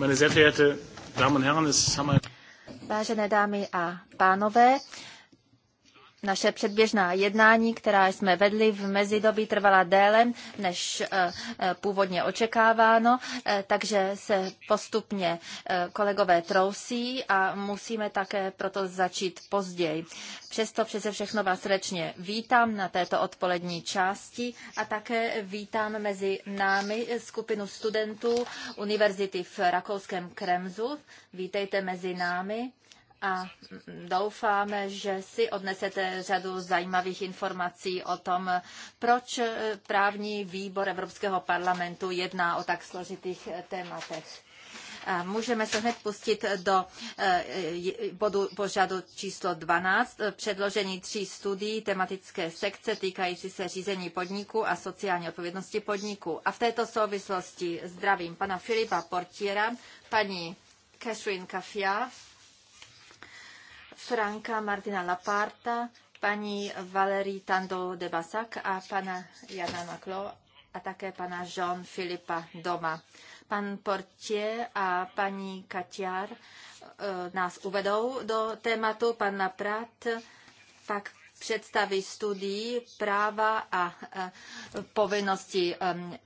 Meine sehr verehrte Damen und Herren, es haben Vážené dámy a pánové, naše předběžná jednání, která jsme vedli v mezidobí, trvala déle, než eh, eh, původně očekáváno, eh, takže se postupně kolegové trousí a musíme také proto začít později. Přesto přece všechno vás srdečně vítám na této odpolední části a také vítám mezi námi skupinu studentů Univerzity v Rakouském Kremzu. Vítejte mezi námi a doufáme, že si odnesete řadu zajímavých informací o tom, proč právní výbor Evropského parlamentu jedná o tak složitých tématech. A můžeme se hned pustit do eh, bodu pořadu číslo 12, předložení tří studií tematické sekce týkající se řízení podniku a sociální odpovědnosti podniku. A v této souvislosti zdravím pana Filipa Portiera, paní Catherine Kafia, Franka Martina Laparta, paní Valerie Tando de Basak a pana Jana Maklo a také pana Jean Filipa Doma. Pan Portier a paní Katiar eh, nás uvedou do tématu. Pan Naprat pak představí studii práva a eh, povinnosti eh,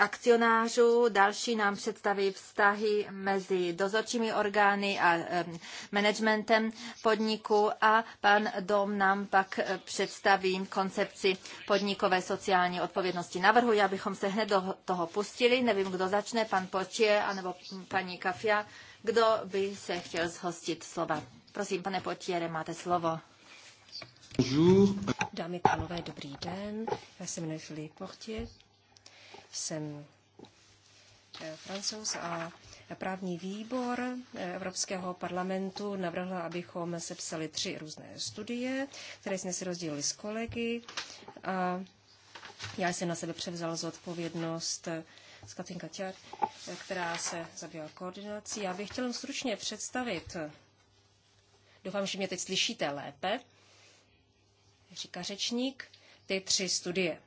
akcionářů. Další nám představí vztahy mezi dozorčími orgány a managementem podniku a pan Dom nám pak eh, představí koncepci podnikové sociální odpovědnosti. Navrhuji, abychom se hned do toho pustili. Nevím, kdo začne, pan Počie anebo paní Kafia. Kdo by se chtěl zhostit slova? Prosím, pane Potiere, máte slovo. Dámy a pánové, dobrý den. Já jsem jmenuji Filip Portier jsem eh, francouz a právní výbor eh, Evropského parlamentu navrhl, abychom sepsali tři různé studie, které jsme si rozdělili s kolegy. A já jsem na sebe převzal zodpovědnost eh, z Katinka Ťar, která se zabývá koordinací. Já bych chtěla stručně představit, doufám, že mě teď slyšíte lépe, říká řečník, ty tři studie.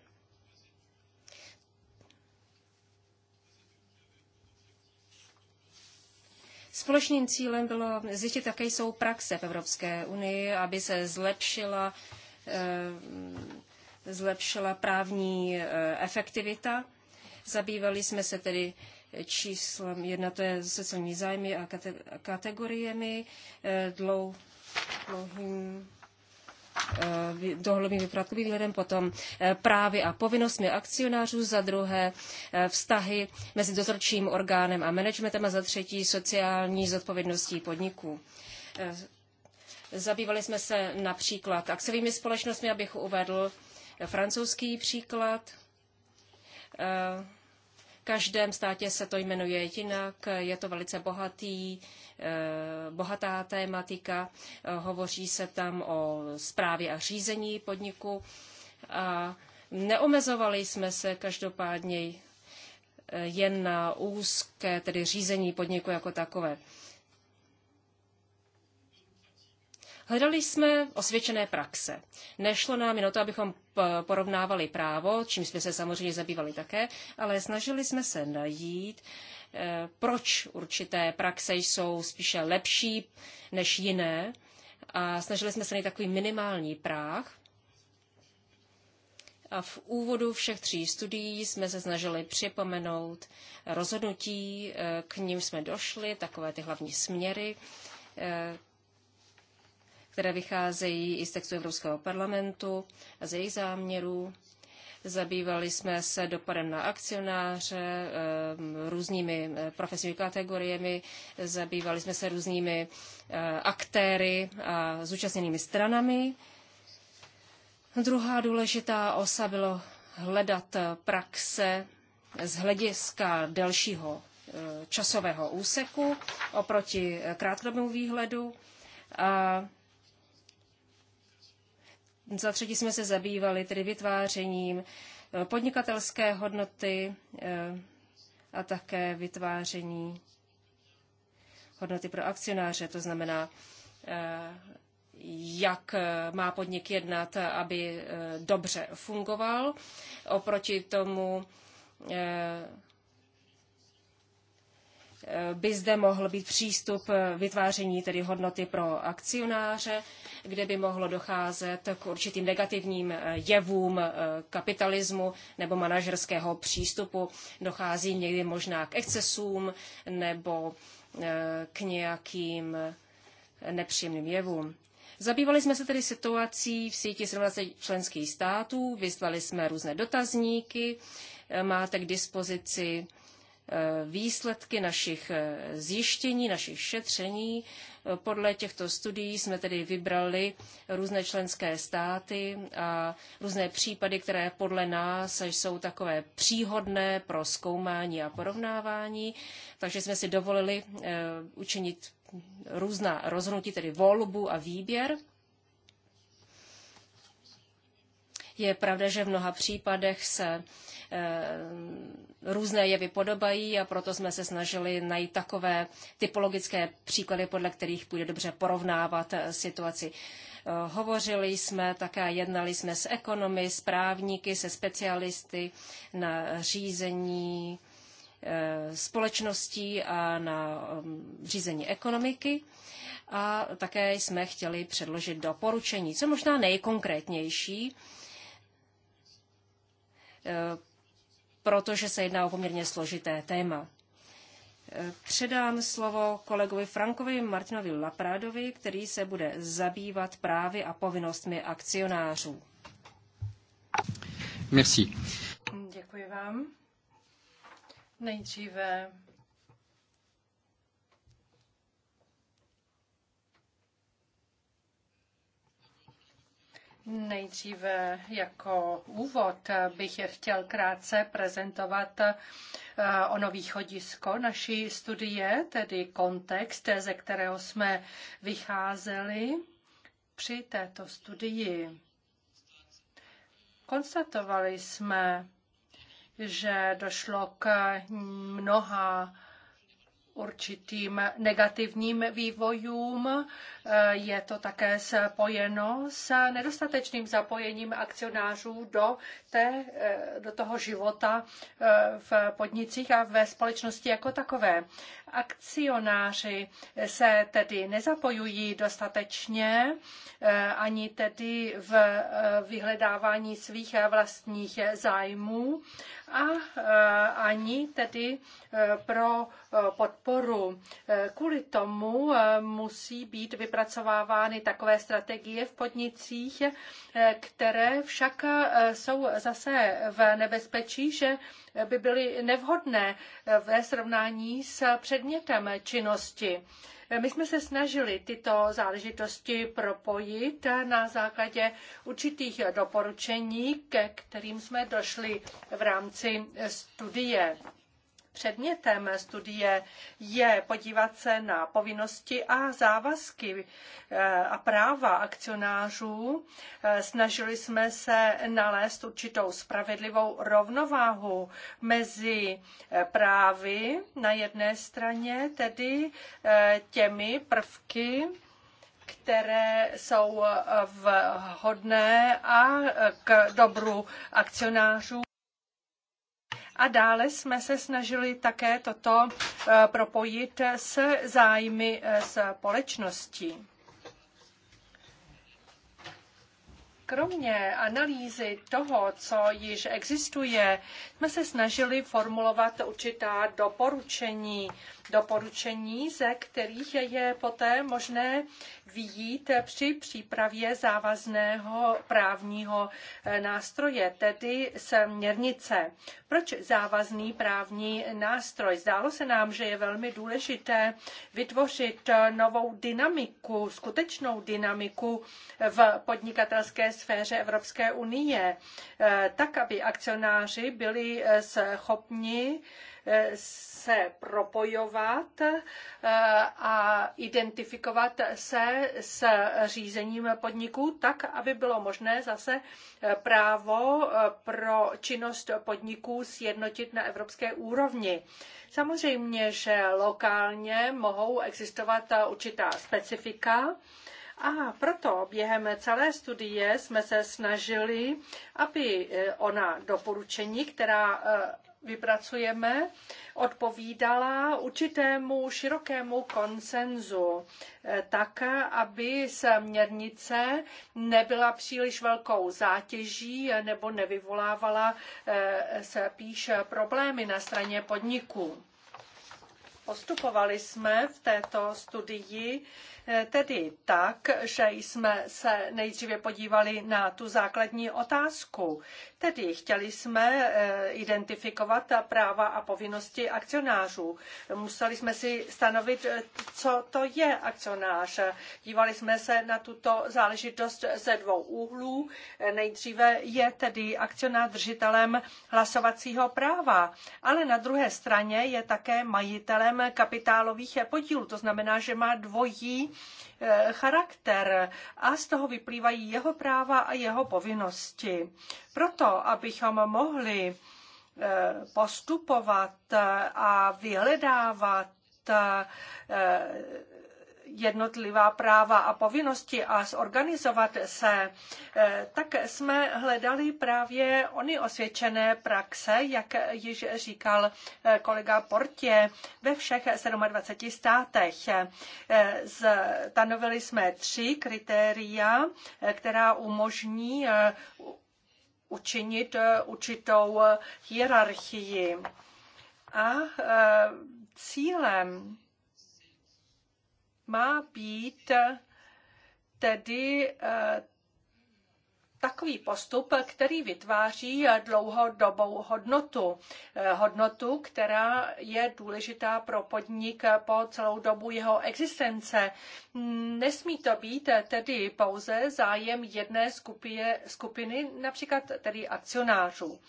Společným cílem bylo zjistit, jaké jsou praxe v Evropské unii, aby se zlepšila, eh, zlepšila právní eh, efektivita. Zabývali jsme se tedy číslem jedna, to je sociální zájmy a kategoriemi, eh, dlou, dlouhým Eh, dohledovým vypratkovým výhledem, potom eh, právy a povinnostmi akcionářů, za druhé eh, vztahy mezi dozorčím orgánem a managementem a za třetí sociální zodpovědností podniků. Zabývali jsme se například akciovými společnostmi, abych uvedl francouzský příklad každém státě se to jmenuje jinak, je to velice bohatý, eh, bohatá tématika, eh, hovoří se tam o správě a řízení podniku a neomezovali jsme se každopádně eh, jen na úzké, tedy řízení podniku jako takové. Hledali jsme osvědčené praxe. Nešlo nám jen o to, abychom porovnávali právo, čím jsme se samozřejmě zabývali také, ale snažili jsme se najít, e, proč určité praxe jsou spíše lepší než jiné a snažili jsme se najít takový minimální práh, a v úvodu všech tří studií jsme se snažili připomenout rozhodnutí, e, k ním jsme došli, takové ty hlavní směry, e, které vycházejí i z textu Evropského parlamentu a z jejich záměrů. Zabývali jsme se dopadem na akcionáře, eh, různými eh, profesními kategoriemi, zabývali jsme se různými eh, aktéry a zúčastněnými stranami. Druhá důležitá osa bylo hledat praxe z hlediska delšího časového úseku oproti krátkodobému výhledu. A za třetí jsme se zabývali tedy vytvářením eh, podnikatelské hodnoty eh, a také vytváření hodnoty pro akcionáře, to znamená, eh, jak má podnik jednat, aby dobře fungoval. Oproti tomu by zde mohl být přístup vytváření tedy hodnoty pro akcionáře, kde by mohlo docházet k určitým negativním eh, jevům eh, kapitalismu nebo manažerského přístupu. Dochází někdy možná k excesům nebo eh, k nějakým nepříjemným jevům. Zabývali jsme se tedy situací v síti 17 členských států, vyslali jsme různé dotazníky, máte k dispozici Eh, výsledky našich eh, zjištění, našich šetření. Eh, podle těchto studií jsme tedy vybrali různé členské státy a různé případy, které podle nás jsou takové příhodné pro zkoumání a porovnávání. Takže jsme si dovolili učinit různá rozhodnutí, tedy volbu a výběr. Je pravda, že v mnoha případech se různé jevy podobají a proto jsme se snažili najít takové typologické příklady, podle kterých půjde dobře porovnávat eh, situaci. Eh, hovořili jsme také, jednali jsme s ekonomy, s právníky, se specialisty na řízení eh, společností a na mm, řízení ekonomiky. A také jsme chtěli předložit doporučení, co možná nejkonkrétnější, protože se jedná o poměrně složité téma. E, předám slovo kolegovi Frankovi Martinovi Laprádovi, který se bude zabývat právy a povinnostmi akcionářů. Merci. Děkuji vám. Nejdříve Nejdříve jako úvod bych chtěl krátce prezentovat eh, ono východisko naší studie, tedy kontext, ze kterého jsme vycházeli při této studii. Konstatovali jsme, že došlo k mnoha určitým negativním vývojům. Je to také spojeno s nedostatečným zapojením akcionářů do, té, do toho života v podnicích a ve společnosti jako takové. Akcionáři se tedy nezapojují dostatečně eh, ani tedy v eh, vyhledávání svých vlastních zájmů a eh, ani tedy pro podporu. Kvůli tomu musí být vypracovávány takové strategie v podnicích, které však jsou zase v nebezpečí, že by byly nevhodné eh, ve srovnání s předmětem činnosti. Eh, my jsme se snažili tyto záležitosti propojit eh, na základě určitých doporučení, ke kterým jsme došli v rámci studie. Předmětem studie je podívat se na povinnosti a závazky eh, a práva akcionářů. Eh, snažili jsme se nalézt určitou spravedlivou rovnováhu mezi eh, právy na jedné straně, tedy těmi prvky, které jsou vhodné a k dobru akcionářů a dále jsme se snažili také toto eh, propojit s zájmy eh, společnosti. Kromě analýzy toho, co již existuje, jsme se snažili formulovat určitá doporučení doporučení, ze kterých je poté možné vyjít při přípravě závazného právního eh, nástroje, tedy směrnice. Proč závazný právní nástroj? Zdálo se nám, že je velmi důležité vytvořit eh, novou dynamiku, skutečnou dynamiku eh, v podnikatelské sféře Evropské unie, tak, aby akcionáři byli schopni se propojovat eh, a identifikovat se s řízením podniků tak, aby bylo možné zase eh, právo eh, pro činnost podniků sjednotit na evropské úrovni. Samozřejmě, že lokálně mohou existovat určitá specifika, a proto během celé studie jsme se snažili, aby ona doporučení, která vypracujeme, odpovídala určitému širokému konsenzu, eh, tak, aby směrnice nebyla příliš velkou zátěží nebo nevyvolávala eh, se píš problémy na straně podniků. Postupovali jsme v této studii E, tedy tak, že jsme se nejdříve podívali na tu základní otázku. Tedy chtěli jsme e, identifikovat práva a povinnosti akcionářů. Museli jsme si stanovit, e, co to je akcionář. Dívali jsme se na tuto záležitost ze dvou úhlů. Nejdříve je tedy akcionář držitelem hlasovacího práva, ale na druhé straně je také majitelem kapitálových podílů. To znamená, že má dvojí Eh, charakter a z toho vyplývají jeho práva a jeho povinnosti. Proto, abychom mohli eh, postupovat a vyhledávat eh, jednotlivá práva a povinnosti a zorganizovat se, eh, tak jsme hledali právě ony osvědčené praxe, jak již říkal eh, kolega Portě, ve všech 27 státech. Eh, stanovili jsme tři kritéria, která umožní učinit určitou hierarchii. A cílem má být tedy eh, takový postup, který vytváří dlouhodobou hodnotu. Eh, hodnotu, která je důležitá pro podnik po celou dobu jeho existence. Nesmí to být tedy pouze zájem jedné skupiny, skupiny například tedy akcionářů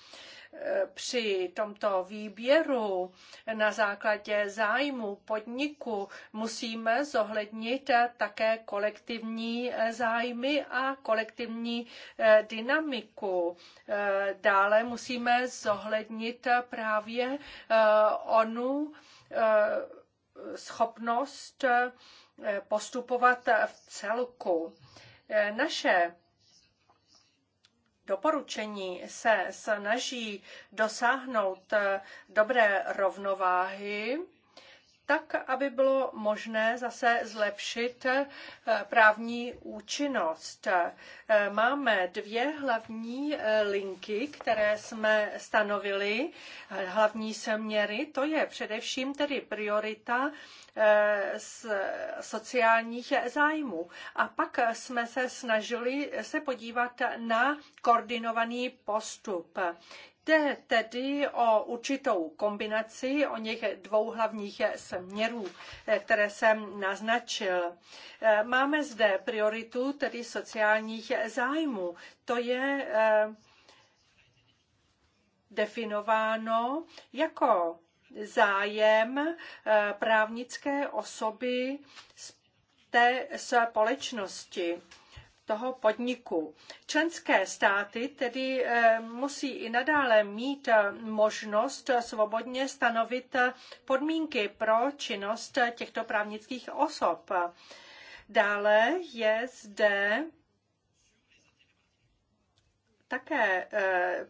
při tomto výběru na základě zájmu podniku musíme zohlednit také kolektivní zájmy a kolektivní eh, dynamiku. Eh, dále musíme zohlednit právě eh, onu schopnost postupovat v celku. Naše doporučení se snaží dosáhnout dobré rovnováhy tak, aby bylo možné zase zlepšit eh, právní účinnost. Eh, máme dvě hlavní eh, linky, které jsme stanovili, hlavní směry. To je především tedy priorita z sociálních zájmů. A pak jsme se snažili se podívat na koordinovaný postup. Jde tedy o určitou kombinaci o něch dvou hlavních směrů, které jsem naznačil. Máme zde prioritu tedy sociálních zájmů. To je eh, definováno jako zájem eh, právnické osoby té společnosti toho podniku. Členské státy tedy eh, musí i nadále mít eh, možnost svobodně stanovit eh, podmínky pro činnost těchto právnických osob. Dále je zde také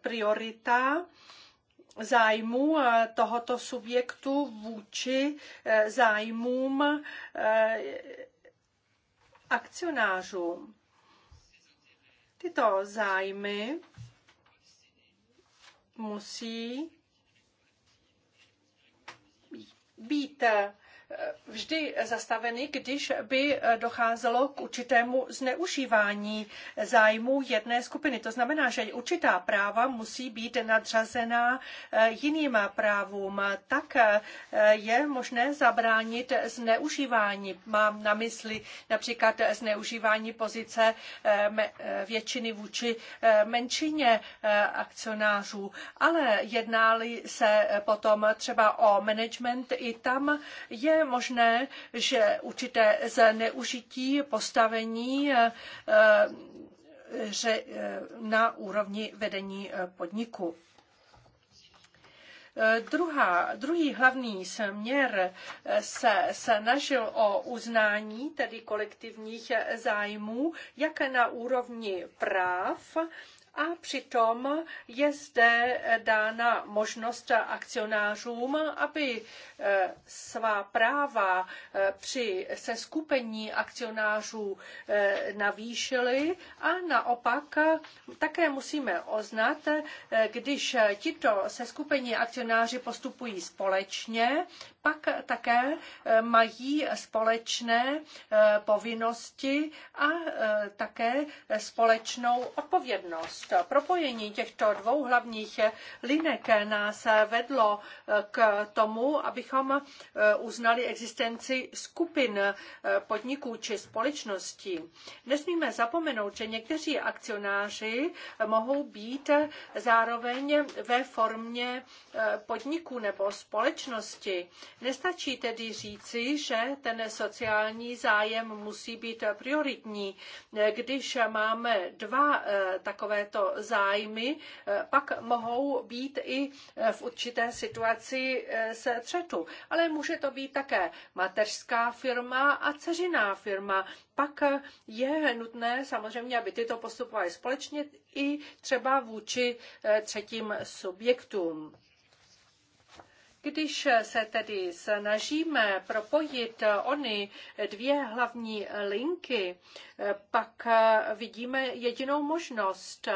priorita zájmů tohoto subjektu vůči zájmům akcionářů. Tyto zájmy musí být vždy zastaveny, když by docházelo k určitému zneužívání zájmů jedné skupiny. To znamená, že určitá práva musí být nadřazená eh, jiným právům. Tak eh, je možné zabránit zneužívání. Mám na mysli například zneužívání pozice eh, většiny vůči menšině akcionářů, ale jednáli se potom třeba o management, i tam je je možné, že určité zneužití postavení eh, eh, eh, na úrovni vedení podniku. Druhá, druhý hlavní směr se snažil o uznání tedy kolektivních zájmů, jak na úrovni práv, a přitom je zde eh, dána možnost akcionářům, aby eh, svá práva eh, při seskupení akcionářů navýšili a naopak také musíme oznat, když tito seskupení akcionáři postupují společně, pak také mají společné povinnosti a také společnou odpovědnost růst. Propojení těchto dvou hlavních linek nás vedlo eh, k tomu, abychom eh, uznali existenci skupin eh, podniků či společností. Nesmíme zapomenout, že někteří akcionáři mohou být zároveň ve formě podniků nebo společnosti. Nestačí tedy říci, že ten sociální zájem musí být prioritní. Když máme dva takové takovéto zájmy eh, pak mohou být i eh, v určité situaci eh, se třetu. Ale může to být také mateřská firma a dceřiná firma. Pak je nutné samozřejmě, aby tyto postupovaly společně i třeba vůči třetím subjektům. Když se tedy snažíme propojit ony dvě hlavní linky, pak vidíme jedinou možnost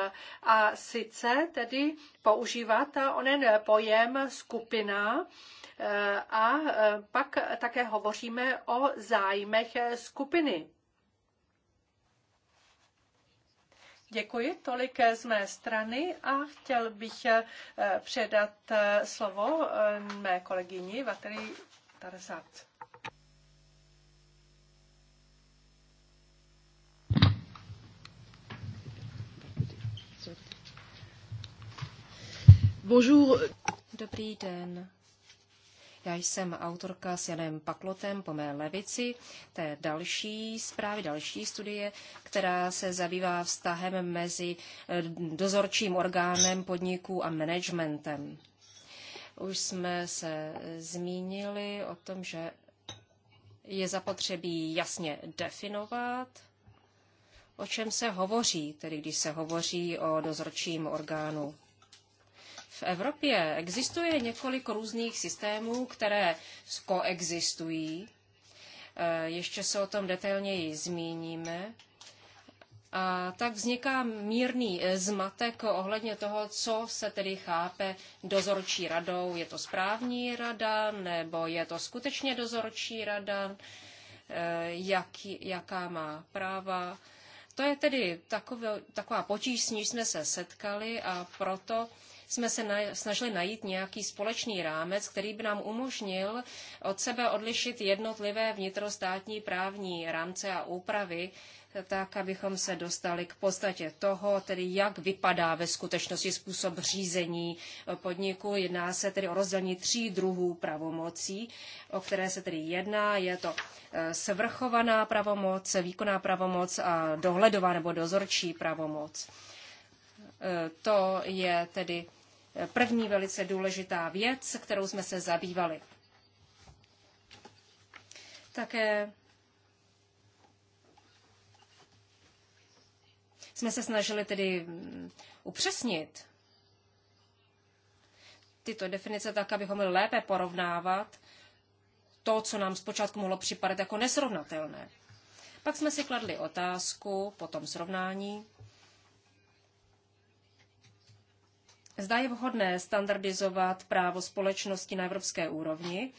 a sice tedy používat onen pojem skupina a pak také hovoříme o zájmech skupiny. Děkuji, tolik z mé strany a chtěl bych eh, předat eh, slovo eh, mé kolegyni Vatry Tarzat. Bonjour. Dobrý den. Já jsem autorka s Janem Paklotem po mé levici té další zprávy, další studie, která se zabývá vztahem mezi eh, dozorčím orgánem podniku a managementem. Už jsme se zmínili o tom, že je zapotřebí jasně definovat, o čem se hovoří, tedy když se hovoří o dozorčím orgánu v Evropě existuje několik různých systémů, které koexistují. E, ještě se o tom detailněji zmíníme. A tak vzniká mírný e, zmatek ohledně toho, co se tedy chápe dozorčí radou. Je to správní rada, nebo je to skutečně dozorčí rada, e, jak, jaká má práva. To je tedy takové, taková potíž, s níž jsme se setkali a proto jsme se na, snažili najít nějaký společný rámec, který by nám umožnil od sebe odlišit jednotlivé vnitrostátní právní rámce a úpravy, tak abychom se dostali k podstatě toho, tedy jak vypadá ve skutečnosti způsob řízení podniku. Jedná se tedy o rozdělení tří druhů pravomocí, o které se tedy jedná. Je to eh, svrchovaná pravomoc, výkonná pravomoc a dohledová nebo dozorčí pravomoc. Eh, to je tedy první velice důležitá věc, kterou jsme se zabývali. Také jsme se snažili tedy mm, upřesnit tyto definice tak, abychom mohli lépe porovnávat to, co nám zpočátku mohlo připadat jako nesrovnatelné. Pak jsme si kladli otázku po tom srovnání, Zda je vhodné standardizovat právo společnosti na evropské úrovni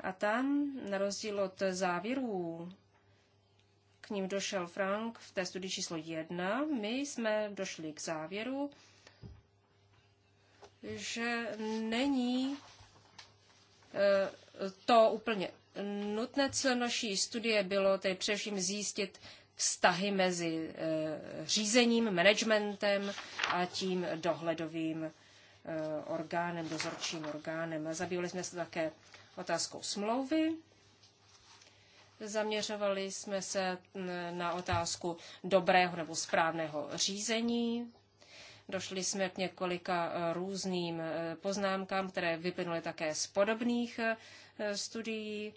a tam, na rozdíl od závěrů, k ním došel Frank v té studii číslo 1, my jsme došli k závěru, že není e, to úplně nutné, co naší studie bylo tedy především zjistit, vztahy mezi eh, řízením, managementem a tím dohledovým eh, orgánem, dozorčím orgánem. Zabývali jsme se také otázkou smlouvy. Zaměřovali jsme se mm, na otázku dobrého nebo správného řízení. Došli jsme k několika eh, různým poznámkám, které vyplynuly také z podobných studií.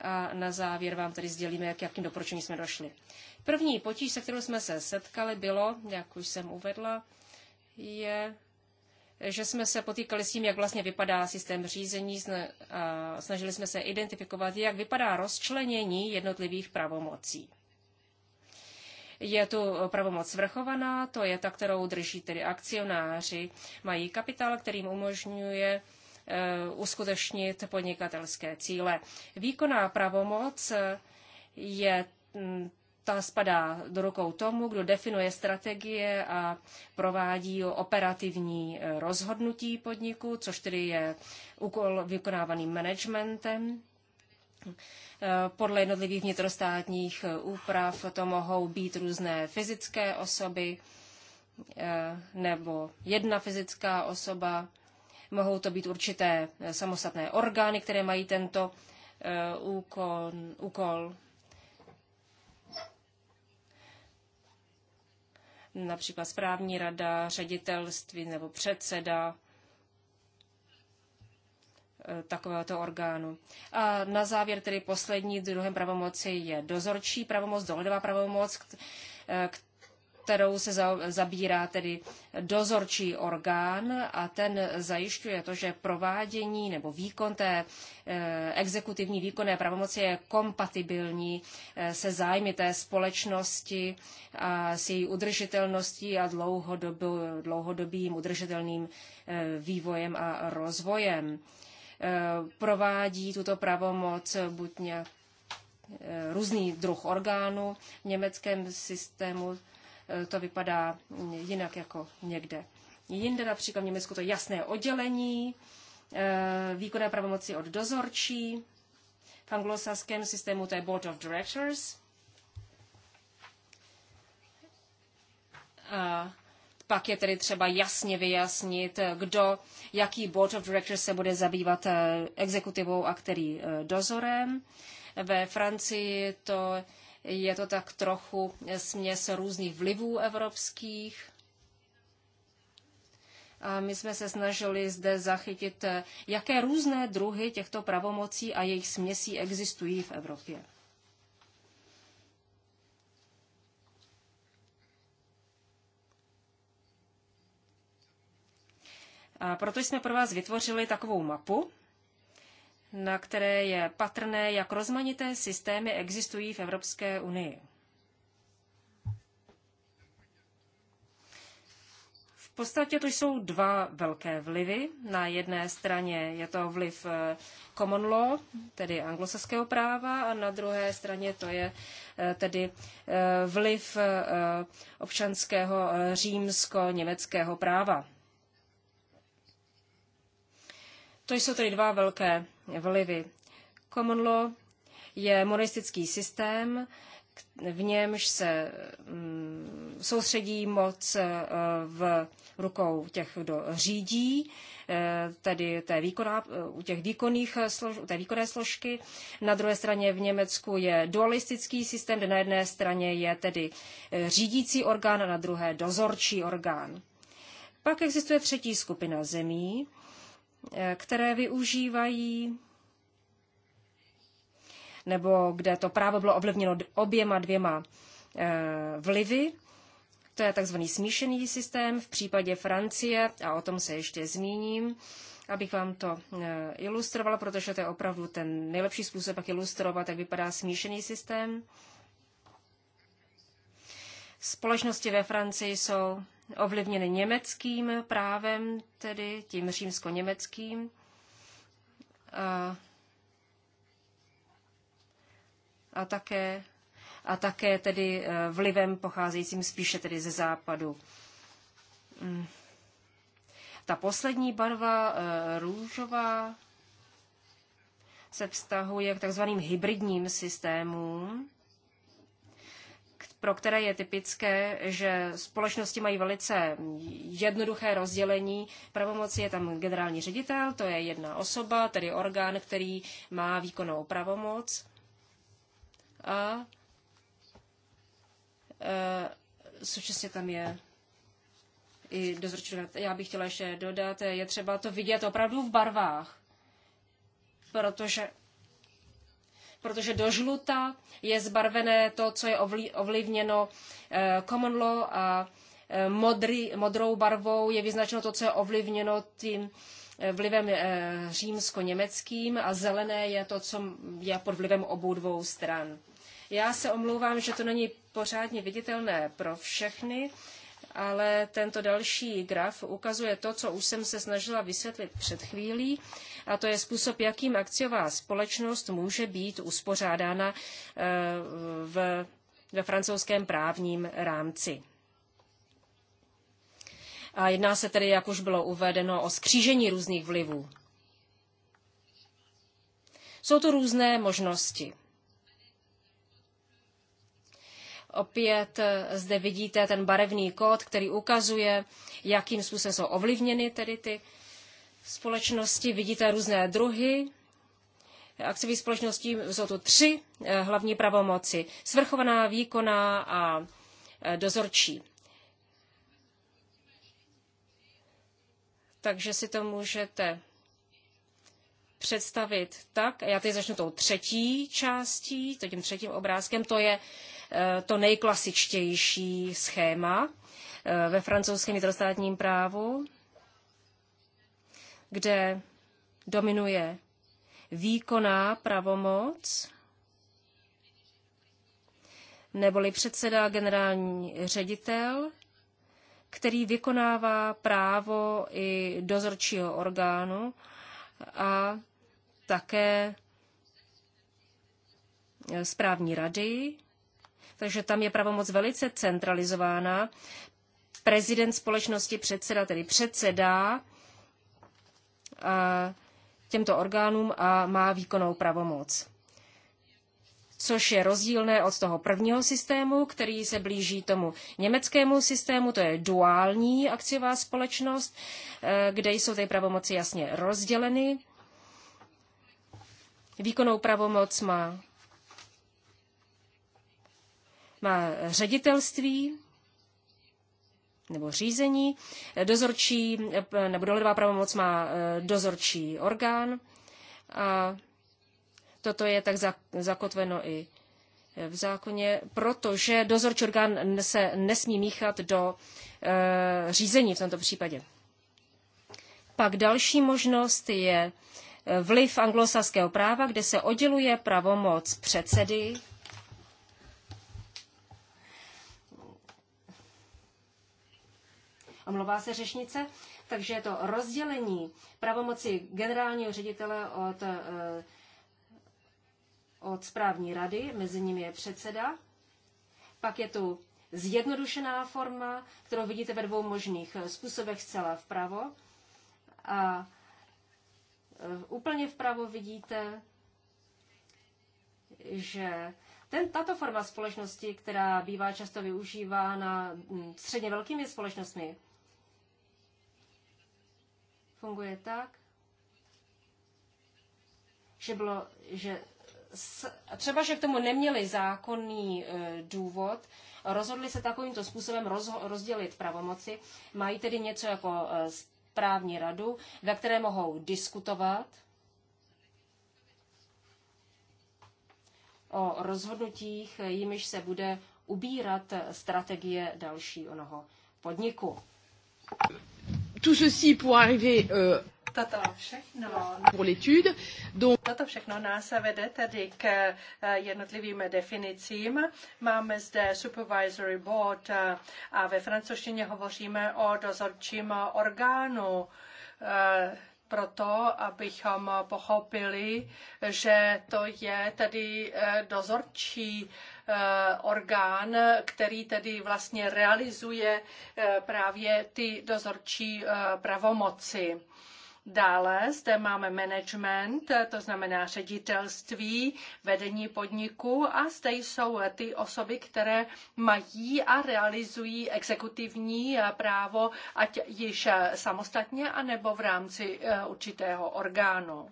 A na závěr vám tedy sdělíme, jak, jakým doporučením jsme došli. První potíž, se kterou jsme se setkali, bylo, jak už jsem uvedla, je, že jsme se potýkali s tím, jak vlastně vypadá systém řízení. A snažili jsme se identifikovat, jak vypadá rozčlenění jednotlivých pravomocí. Je tu pravomoc vrchovaná, to je ta, kterou drží tedy akcionáři. Mají kapitál, kterým umožňuje Eh, uskutečnit podnikatelské cíle. Výkonná pravomoc eh, je mm, ta spadá do rukou tomu, kdo definuje strategie a provádí operativní eh, rozhodnutí podniku, což tedy je úkol vykonávaný managementem. Podle jednotlivých vnitrostátních úprav to mohou být různé fyzické osoby nebo jedna fyzická osoba mohou to být určité eh, samostatné orgány, které mají tento eh, úkon, úkol. Například správní rada, ředitelství nebo předseda eh, takovéhoto orgánu. A na závěr tedy poslední druhem pravomoci je dozorčí pravomoc, dohledová pravomoc, kterou se zabírá tedy dozorčí orgán a ten zajišťuje to, že provádění nebo výkon té eh, exekutivní výkonné pravomoci je kompatibilní eh, se zájmy té společnosti a s její udržitelností a dlouhodobým udržitelným eh, vývojem a rozvojem. Provádí tuto pravomoc buď nějak různý druh orgánů v německém systému to vypadá jinak jako někde. Jinde například v Německu to jasné oddělení, eh, výkonné pravomoci od dozorčí, v anglosaském systému to je Board of Directors. A pak je tedy třeba jasně vyjasnit, kdo, jaký Board of Directors se bude zabývat eh, exekutivou a který eh, dozorem. Ve Francii to je to tak trochu směs různých vlivů evropských. A my jsme se snažili zde zachytit, jaké různé druhy těchto pravomocí a jejich směsí existují v Evropě. A proto jsme pro vás vytvořili takovou mapu, na které je patrné, jak rozmanité systémy existují v Evropské unii. V podstatě to jsou dva velké vlivy. Na jedné straně je to vliv eh, common law, tedy anglosaského práva, a na druhé straně to je eh, tedy eh, vliv občanského římsko-německého práva. To jsou tedy dva velké vlivy. Common law je monistický systém, v němž se mm, soustředí moc eh, v rukou těch, kdo řídí, eh, tedy té výkoná, eh, u těch výkonných slož, u té výkonné složky. Na druhé straně v Německu je dualistický systém, kde na jedné straně je tedy řídící orgán a na druhé dozorčí orgán. Pak existuje třetí skupina zemí, které využívají, nebo kde to právo bylo ovlivněno oběma dvěma eh, vlivy. To je takzvaný smíšený systém v případě Francie, a o tom se ještě zmíním, abych vám to eh, ilustrovala, protože to je opravdu ten nejlepší způsob, jak ilustrovat, jak vypadá smíšený systém. Společnosti ve Francii jsou ovlivněny německým právem, tedy tím římsko-německým. A, a také a také tedy eh, vlivem pocházejícím spíše tedy ze západu. Mm. Ta poslední barva eh, růžová se vztahuje k takzvaným hybridním systémům, pro které je typické, že společnosti mají velice jednoduché rozdělení pravomoci. Je tam generální ředitel, to je jedna osoba, tedy orgán, který má výkonnou pravomoc. A e, současně tam je i dozorčí Já bych chtěla ještě dodat, je třeba to vidět opravdu v barvách, protože protože do žluta je zbarvené to, co je ovlivněno eh, common law a eh, modrý, modrou barvou je vyznačeno to, co je ovlivněno tím eh, vlivem římsko-německým a zelené je to, co je pod vlivem obou dvou stran. Já se omlouvám, že to není pořádně viditelné pro všechny ale tento další graf ukazuje to, co už jsem se snažila vysvětlit před chvílí, a to je způsob, jakým akciová společnost může být uspořádána eh, v, ve francouzském právním rámci. A jedná se tedy, jak už bylo uvedeno, o skřížení různých vlivů. Jsou to různé možnosti. Opět eh, zde vidíte ten barevný kód, který ukazuje, jakým způsobem jsou ovlivněny tedy ty společnosti. Vidíte různé druhy akciových společností. Jsou tu tři eh, hlavní pravomoci. Svrchovaná, výkonná a eh, dozorčí. Takže si to můžete představit tak, já teď začnu tou třetí částí, tím třetím obrázkem, to je Eh, to nejklasičtější schéma eh, ve francouzském vnitrostátním právu, kde dominuje výkonná pravomoc, neboli předseda generální ředitel, který vykonává právo i dozorčího orgánu a také eh, správní rady takže tam je pravomoc velice centralizována. Prezident společnosti předseda, tedy předsedá těmto orgánům a má výkonnou pravomoc což je rozdílné od toho prvního systému, který se blíží tomu německému systému, to je duální akciová společnost, e, kde jsou ty pravomoci jasně rozděleny. Výkonnou pravomoc má má ředitelství nebo řízení, dozorčí nebo dohledová pravomoc má eh, dozorčí orgán a toto je tak zakotveno i v zákoně, protože dozorčí orgán se nesmí míchat do eh, řízení v tomto případě. Pak další možnost je vliv anglosaského práva, kde se odděluje pravomoc předsedy omlouvá se řešnice. Takže to rozdělení pravomoci generálního ředitele od, eh, od správní rady, mezi nimi je předseda. Pak je tu zjednodušená forma, kterou vidíte ve dvou možných způsobech zcela vpravo. A eh, úplně vpravo vidíte, že ten, tato forma společnosti, která bývá často využívána mm, středně velkými společnostmi, funguje tak, že bylo, že třeba, že k tomu neměli zákonný e, důvod, rozhodli se takovýmto způsobem rozho- rozdělit pravomoci, mají tedy něco jako e, správní radu, ve které mohou diskutovat o rozhodnutích, jimiž se bude ubírat strategie další onoho podniku. Tout ceci pour arriver euh, Toto všechno, toto všechno nás vede tedy k eh, jednotlivým definicím. Máme zde supervisory board eh, a ve francouzštině hovoříme o dozorčím orgánu eh, proto, abychom pochopili, že to je tedy dozorčí Eh, orgán, který tedy vlastně realizuje eh, právě ty dozorčí eh, pravomoci. Dále zde máme management, to znamená ředitelství, vedení podniku a zde jsou ty osoby, které mají a realizují exekutivní právo, ať již samostatně, anebo v rámci určitého orgánu.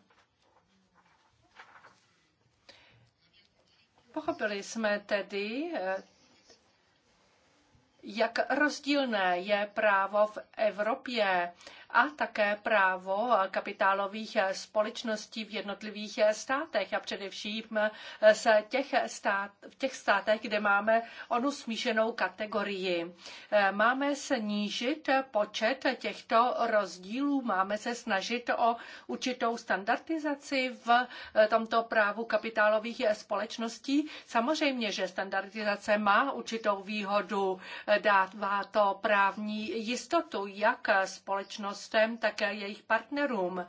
Pochopili jsme tedy, eh, jak rozdílné je právo v Evropě a také právo kapitálových společností v jednotlivých státech a především se těch stát, v těch státech, kde máme onu smíšenou kategorii. Máme snížit počet těchto rozdílů, máme se snažit o určitou standardizaci v tomto právu kapitálových společností. Samozřejmě, že standardizace má určitou výhodu, dává to právní jistotu jak společnost společnostem, tak jejich partnerům.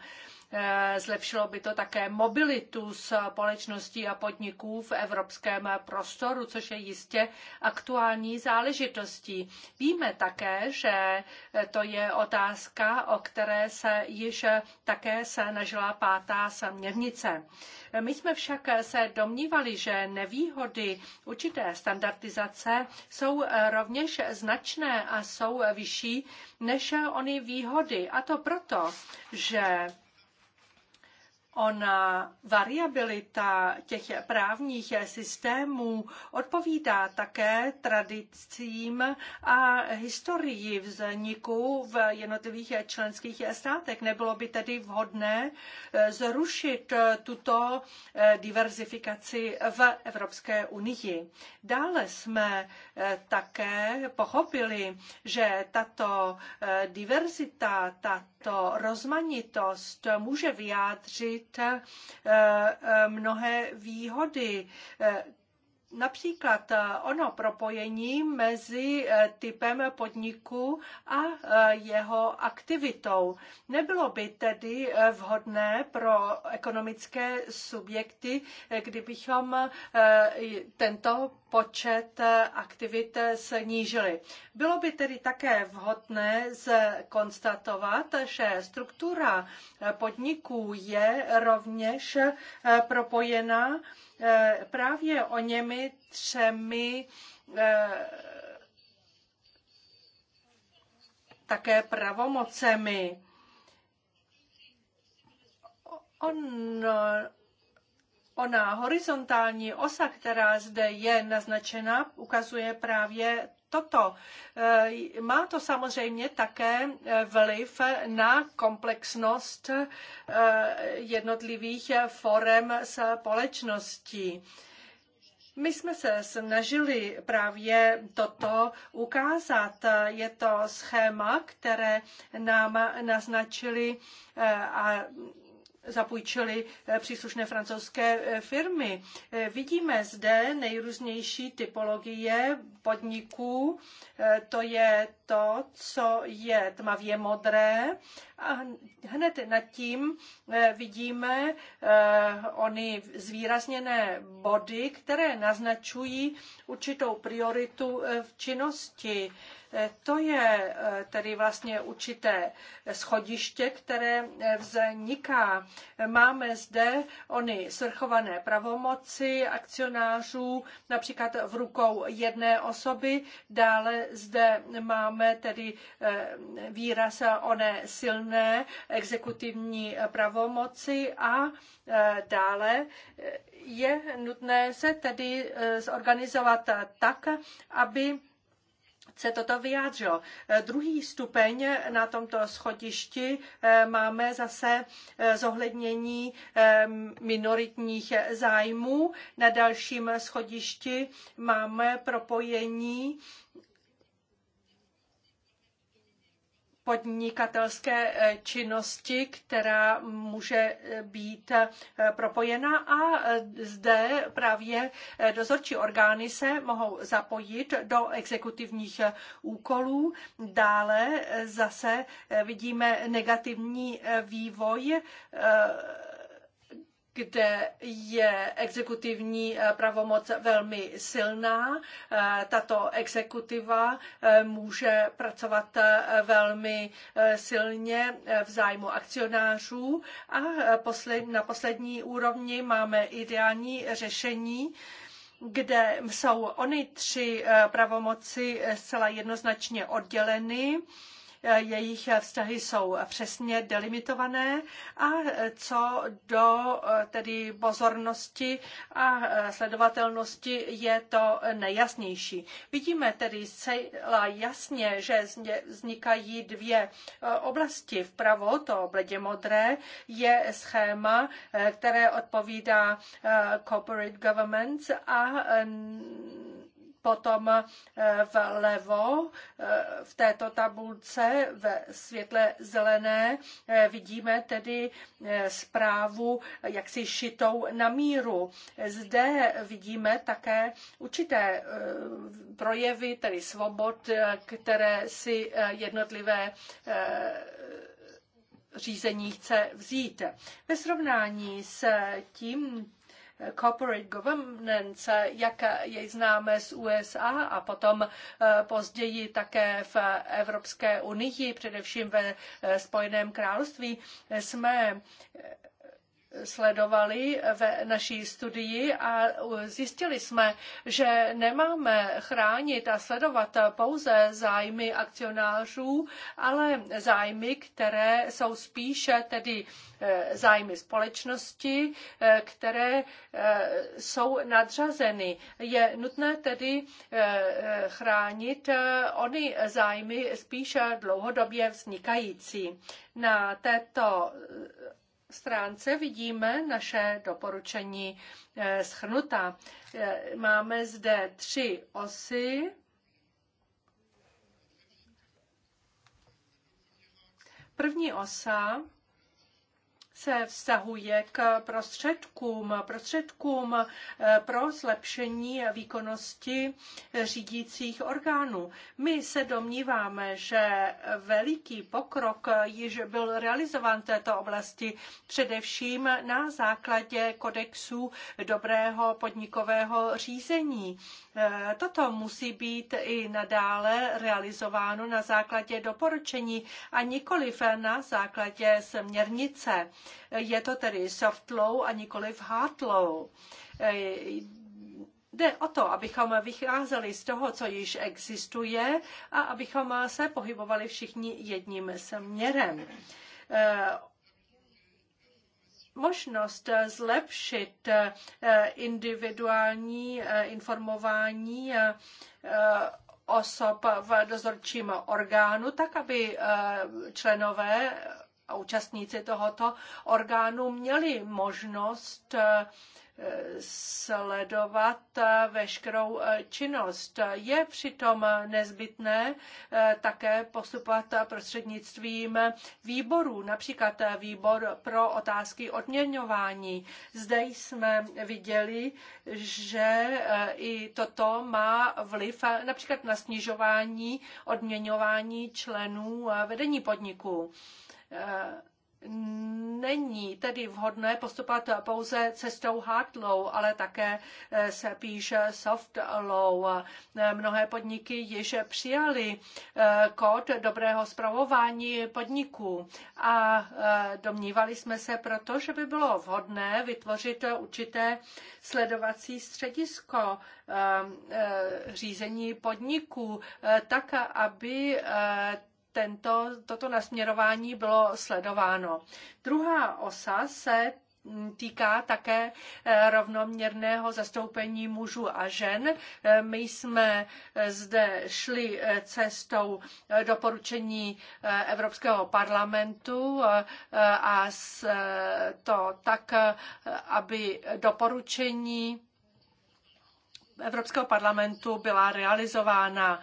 Eh, zlepšilo by to také mobilitu společností a podniků v evropském prostoru, což je jistě aktuální záležitostí. Víme také, že eh, to je otázka, o které se již také snažila pátá směrnice. Eh, my jsme však se domnívali, že nevýhody určité standardizace jsou rovněž značné a jsou vyšší než ony výhody. A to proto, že Ona variabilita těch právních systémů odpovídá také tradicím a historii vzniku v jednotlivých členských státech. Nebylo by tedy vhodné eh, zrušit eh, tuto eh, diverzifikaci v Evropské unii. Dále jsme také pochopili, že tato diverzita, tato rozmanitost může vyjádřit mít eh, eh, mnohé výhody. Eh, například ono propojení mezi typem podniku a jeho aktivitou. Nebylo by tedy vhodné pro ekonomické subjekty, kdybychom tento počet eh, aktivit eh, snížily. Bylo by tedy také vhodné konstatovat, že struktura eh, podniků je rovněž propojena právě o němi třemi také pravomocemi. Ono, Ona horizontální osa, která zde je naznačena, ukazuje právě toto. E, má to samozřejmě také e, vliv na komplexnost e, jednotlivých forem společnosti. My jsme se snažili právě toto ukázat. Je to schéma, které nám naznačili a zapůjčily eh, příslušné francouzské eh, firmy. Eh, vidíme zde nejrůznější typologie podniků. To je to, co je tmavě modré a hned nad tím vidíme ony zvýrazněné body, které naznačují určitou prioritu v činnosti. Eh, to je eh, tedy vlastně určité schodiště, které eh, vzniká. Máme zde ony svrchované pravomoci akcionářů, například v rukou jedné osoby. Dále zde máme tedy výraz oné silné exekutivní pravomoci a dále je nutné se tedy zorganizovat tak, aby se toto vyjádřilo. E, druhý stupeň na tomto schodišti e, máme zase e, zohlednění minoritních zájmů. Na dalším schodišti máme propojení podnikatelské eh, činnosti, která může eh, být eh, propojena a zde právě dozorčí orgány se mohou zapojit do exekutivních úkolů. Dále zase vidíme negativní vývoj kde je exekutivní eh, pravomoc velmi silná. Eh, tato exekutiva eh, může pracovat velmi silně v zájmu akcionářů a na poslední úrovni máme ideální řešení, kde jsou ony tři pravomoci zcela jednoznačně odděleny Eh, jejich vztahy jsou přesně delimitované a co do eh, tedy pozornosti a eh, sledovatelnosti je to nejasnější. Vidíme tedy zcela jasně, že vznikají dvě oblasti. Vpravo to bledě modré je schéma, které odpovídá corporate governments a potom eh, vlevo eh, v této tabulce ve světle zelené eh, vidíme tedy zprávu jaksi šitou na míru. Zde vidíme také určité projevy, tedy svobod, které si jednotlivé řízení chce vzít. Ve srovnání s tím, corporate governance, jak jej známe z USA a potom eh, později také v Evropské unii, především ve eh, Spojeném království, eh, jsme sledovali ve naší studii a zjistili jsme, že nemáme chránit a sledovat pouze zájmy akcionářů, ale zájmy, které jsou spíše tedy eh, zájmy společnosti, eh, které eh, jsou nadřazeny. Je nutné tedy chránit ony zájmy spíše dlouhodobě vznikající. Na této stránce vidíme naše doporučení eh, schrnuta. Eh, máme zde tři osy. První osa se vztahuje k prostředkům, prostředkům eh, pro zlepšení výkonnosti řídících orgánů. My se domníváme, že veliký pokrok již byl realizován v této oblasti především na základě kodexu dobrého podnikového řízení. Eh, toto musí být i nadále realizováno na základě doporučení a nikoliv na základě směrnice. Je to tedy soft law a nikoliv hard law. E, jde o to, abychom vycházeli z toho, co již existuje a abychom se pohybovali všichni jedním směrem e, možnost zlepšit e, individuální informování osob v dozorčím orgánu, tak aby členové a účastníci tohoto orgánu měli možnost eh, sledovat eh, veškerou eh, činnost. Je přitom nezbytné také postupovat prostřednictvím výborů, například výbor pro otázky odměňování. Zde jsme viděli, že i toto má vliv například na snižování odměňování členů vedení podniků. Eh, není tedy vhodné postupovat pouze cestou hard law, ale také eh, se píše soft law. Eh, mnohé podniky již přijali kód dobrého zpravování podniků a domnívali jsme se proto, že by bylo vhodné vytvořit určité sledovací středisko řízení podniků, tak aby tento, toto nasměrování bylo sledováno. Druhá osa se týká také eh, rovnoměrného zastoupení mužů a žen. Eh, my jsme eh, zde šli cestou doporučení Evropského parlamentu a to tak, aby doporučení Evropského parlamentu byla realizována.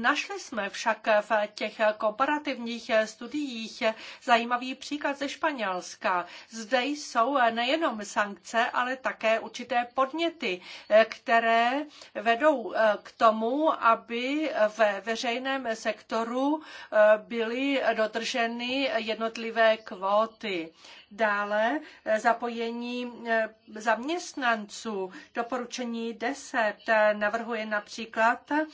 Našli jsme však v těch komparativních studiích zajímavý příklad ze Španělska. Zde jsou nejenom sankce, ale také určité podněty, které vedou eh, k tomu, aby ve veřejném sektoru eh, byly dodrženy jednotlivé kvóty. Dále eh, zapojení zaměstnanců, doporučení 10 20 navrhuje například eh,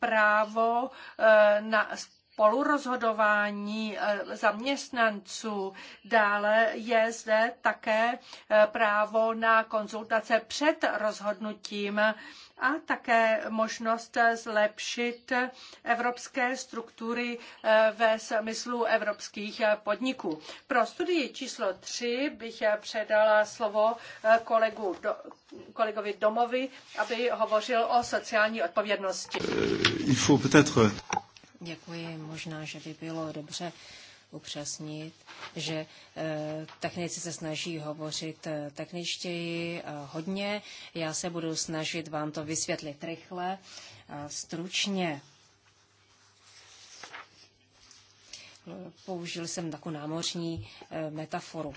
právo eh, na spolurozhodování eh, zaměstnanců. Dále je zde také právo na konzultace před rozhodnutím a také možnost zlepšit evropské struktury eh, ve smyslu evropských podniků. Pro studii číslo 3 bych předala slovo eh, kolegu, do, kolegovi Domovi, aby hovořil o sociální odpovědnosti. Eh, Děkuji, možná, že by bylo dobře upřesnit, že eh, technici se snaží hovořit eh, techničtěji eh, hodně. Já se budu snažit vám to vysvětlit rychle, stručně. Použil jsem takovou námořní metaforu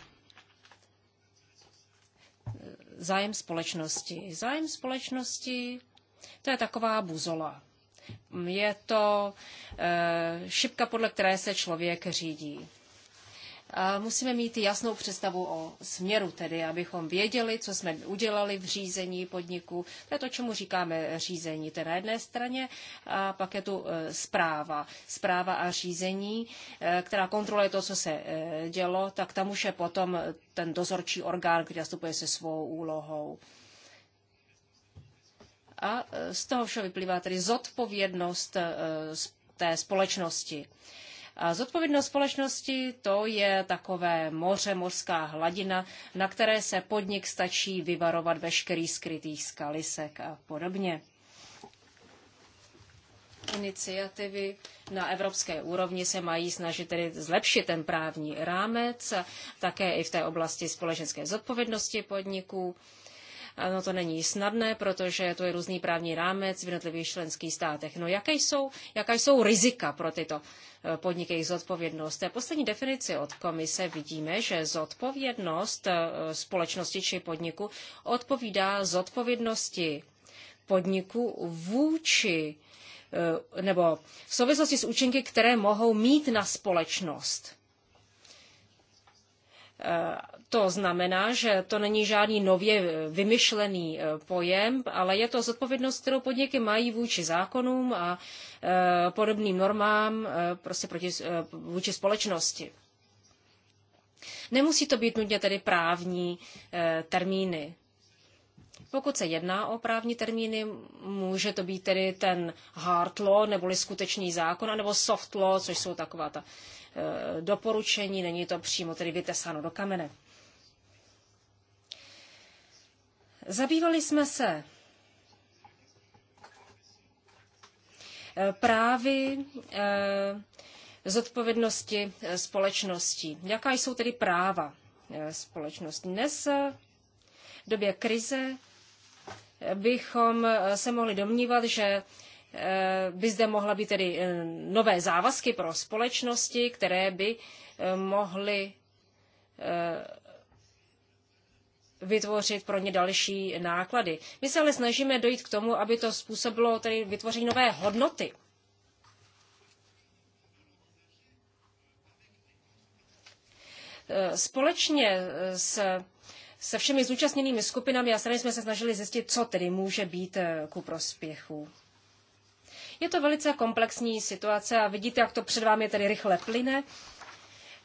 zájem společnosti. Zájem společnosti to je taková buzola. Je to eh, šipka, podle které se člověk řídí. A musíme mít jasnou představu o směru, tedy abychom věděli, co jsme udělali v řízení podniku. To je to, čemu říkáme řízení. To je na jedné straně a pak je tu eh, zpráva. Zpráva a řízení, eh, která kontroluje to, co se dělo, tak tam už je potom ten dozorčí orgán, který nastupuje se svou úlohou. A e, z toho všeho vyplývá tedy zodpovědnost e, té společnosti. A zodpovědnost společnosti to je takové moře, mořská hladina, na které se podnik stačí vyvarovat veškerých skrytých skalisek a podobně. Iniciativy na evropské úrovni se mají snažit tedy zlepšit ten právní rámec, také i v té oblasti společenské zodpovědnosti podniků No to není snadné, protože to je různý právní rámec v jednotlivých členských státech. No jaké jsou, jaká jsou rizika pro tyto eh, podniky, jejich zodpovědnost? V té poslední definici od komise vidíme, že zodpovědnost eh, společnosti či podniku odpovídá zodpovědnosti podniku vůči eh, nebo v souvislosti s účinky, které mohou mít na společnost. To znamená, že to není žádný nově vymyšlený e, pojem, ale je to zodpovědnost, kterou podniky mají vůči zákonům a e, podobným normám e, prostě proti, vůči společnosti. Nemusí to být nutně tedy právní termíny. Pokud se jedná o právní termíny, může to být tedy ten hard law, neboli skutečný zákon, anebo soft law, což jsou taková ta Eh, doporučení, není to přímo tedy vytesáno do kamene. Zabývali jsme se eh, právy eh, zodpovědnosti společnosti. Jaká jsou tedy práva společnosti? Dnes v době krize bychom se mohli domnívat, že Eh, by zde mohla být tedy eh, nové závazky pro společnosti, které by eh, mohly vytvořit pro ně další náklady. My se ale snažíme dojít k tomu, aby to způsobilo tedy vytvoření nové hodnoty. Společně s, se všemi zúčastněnými skupinami a strany jsme se snažili zjistit, co tedy může být ku prospěchu. Je to velice komplexní situace a vidíte, jak to před vámi tedy rychle plyne.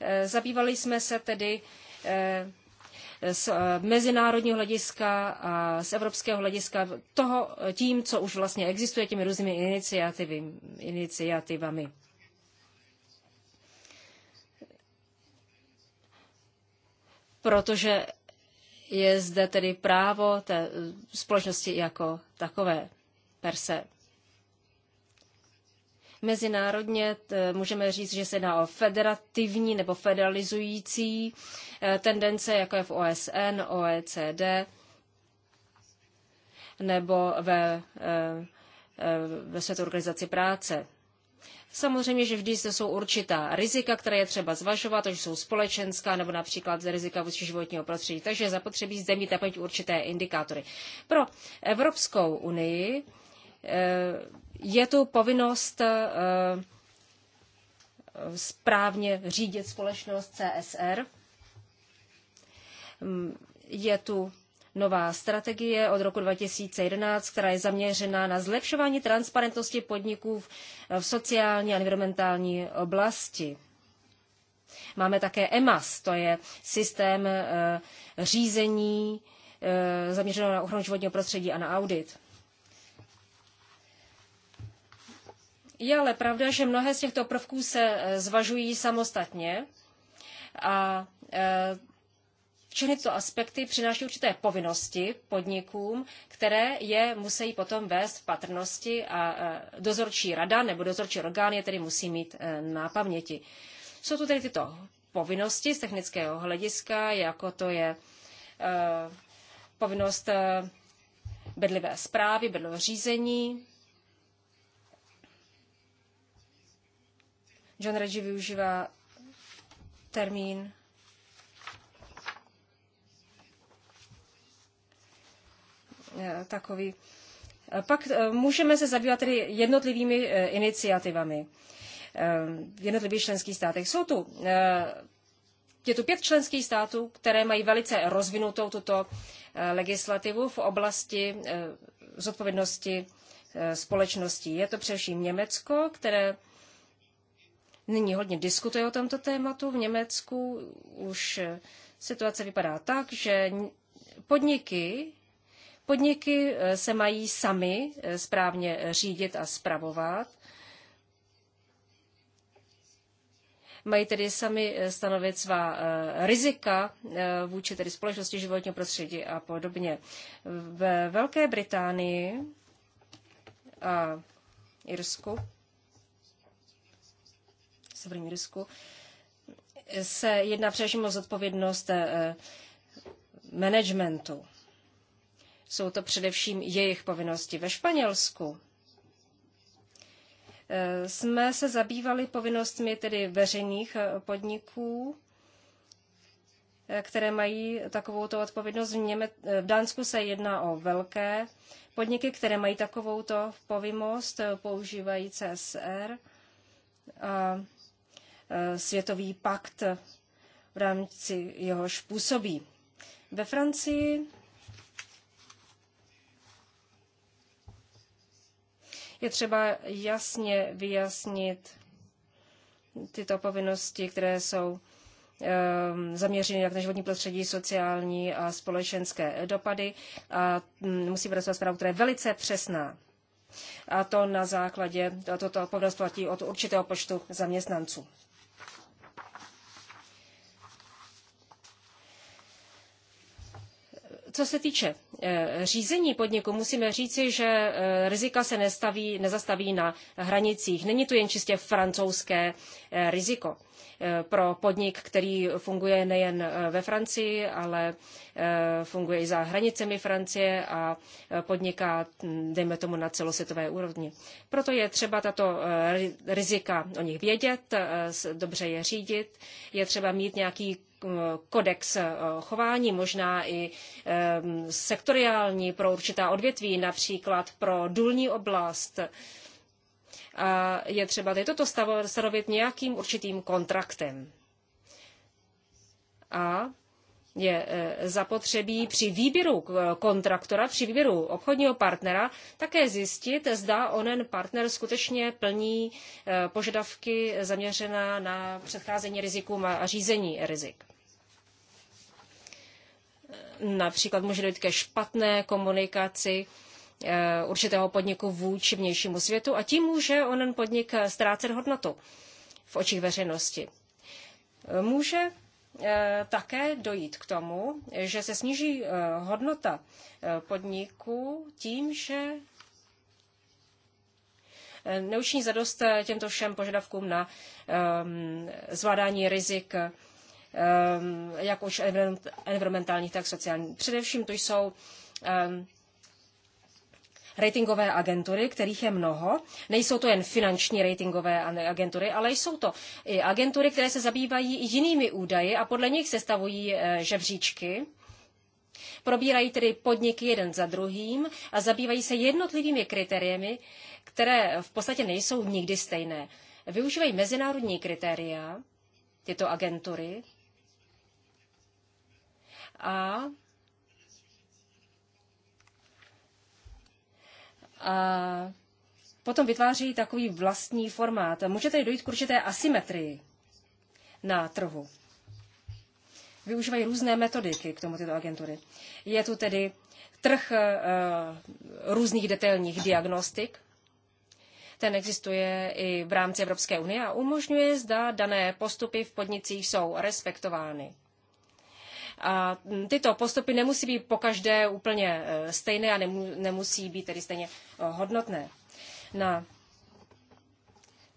E, zabývali jsme se tedy e, z e, mezinárodního hlediska a z evropského hlediska toho, tím, co už vlastně existuje, těmi různými iniciativy, iniciativami. Protože je zde tedy právo té společnosti jako takové per se. Mezinárodně můžeme říct, že se jedná o federativní nebo federalizující eh, tendence, jako je v OSN, OECD nebo ve, eh, eh, ve Světové organizaci práce. Samozřejmě, že vždy zde jsou určitá rizika, které je třeba zvažovat, to jsou společenská nebo například rizika vůči životního prostředí. Takže zapotřebí zde mít určité indikátory. Pro Evropskou unii Eh, je tu povinnost eh, správně řídit společnost CSR. Mm, je tu nová strategie od roku 2011, která je zaměřena na zlepšování transparentnosti podniků v sociální a environmentální oblasti. Máme také EMAS, to je systém eh, řízení zaměřeného na ochranu životního prostředí a na audit. Je ale pravda, že mnohé z těchto prvků se eh, zvažují samostatně a eh, všechny tyto aspekty přináší určité povinnosti podnikům, které je musí potom vést v patrnosti a eh, dozorčí rada nebo dozorčí orgán je tedy musí mít na paměti. Jsou tu tedy tyto povinnosti z technického hlediska, jako to je povinnost bedlivé zprávy, bedlivého řízení, John Reggie využívá termín eh, takový. Eh, pak eh, můžeme se zabývat tedy jednotlivými iniciativami v jednotlivých členských státech. Jsou tu, je tu pět členských států, které mají velice rozvinutou tuto legislativu v oblasti zodpovědnosti společností. Je to především Německo, které nyní hodně diskutuje o tomto tématu. V Německu už eh, situace vypadá tak, že podniky, podniky eh, se mají sami eh, správně řídit a spravovat. Mají tedy sami stanovit svá rizika vůči tedy společnosti životního prostředí a podobně. Ve Velké Británii a Irsku Severním Jirsku, se jedná především o zodpovědnost eh, eh, managementu. Jsou to především jejich povinnosti. Ve Španělsku eh, jsme se zabývali povinnostmi tedy veřejných podniků, které mají takovouto odpovědnost. V, Němec- v Dánsku se jedná o velké podniky, které mají takovouto povinnost, používají CSR. A Eh, světový pakt, v rámci jehož působí. Ve Francii je třeba jasně vyjasnit tyto povinnosti, které jsou ehm, zaměřený jak na životní prostředí, sociální a společenské dopady. A mm, musí pracovat zprávu, která je velice přesná. A to na základě, toto povinnost platí od určitého počtu zaměstnanců. co se týče eh, řízení podniku, musíme říci, že eh, rizika se nestaví, nezastaví na hranicích. Není to jen čistě francouzské eh, riziko pro podnik, který funguje nejen ve Francii, ale funguje i za hranicemi Francie a podniká, hm, dejme tomu, na celosvětové úrovni. Proto je třeba tato rizika o nich vědět, dobře je řídit, je třeba mít nějaký kodex eh, chování, možná i ehm, sektoriální pro určitá odvětví, například pro důlní oblast. A je třeba tady toto stanovit nějakým určitým kontraktem. A je e, zapotřebí při výběru e, kontraktora, při výběru obchodního partnera také zjistit, zda onen partner skutečně plní e, požadavky zaměřená na předcházení rizikům a řízení rizik. Například může dojít ke špatné komunikaci určitého podniku vůči vnějšímu světu a tím může onen podnik ztrácet hodnotu v očích veřejnosti. Může E, také dojít k tomu, že se sníží e, hodnota e, podniku tím, že neučiní zadost těmto všem požadavkům na um, zvládání rizik um, jak už environmentálních, tak sociálních. Především to jsou um, ratingové agentury, kterých je mnoho. Nejsou to jen finanční ratingové agentury, ale jsou to i agentury, které se zabývají jinými údaji a podle nich sestavují eh, žebříčky. Probírají tedy podniky jeden za druhým a zabývají se jednotlivými kritériemi, které v podstatě nejsou nikdy stejné. Využívají mezinárodní kritéria tyto agentury a a potom vytváří takový vlastní formát. Může dojít k určité asymetrii na trhu. Využívají různé metodiky k tomu tyto agentury. Je tu tedy trh eh, různých detailních diagnostik. Ten existuje i v rámci Evropské unie a umožňuje, zda dané postupy v podnicích jsou respektovány tyto postupy nemusí být pokaždé úplně e, stejné a nemusí být tedy stejně e, hodnotné. Na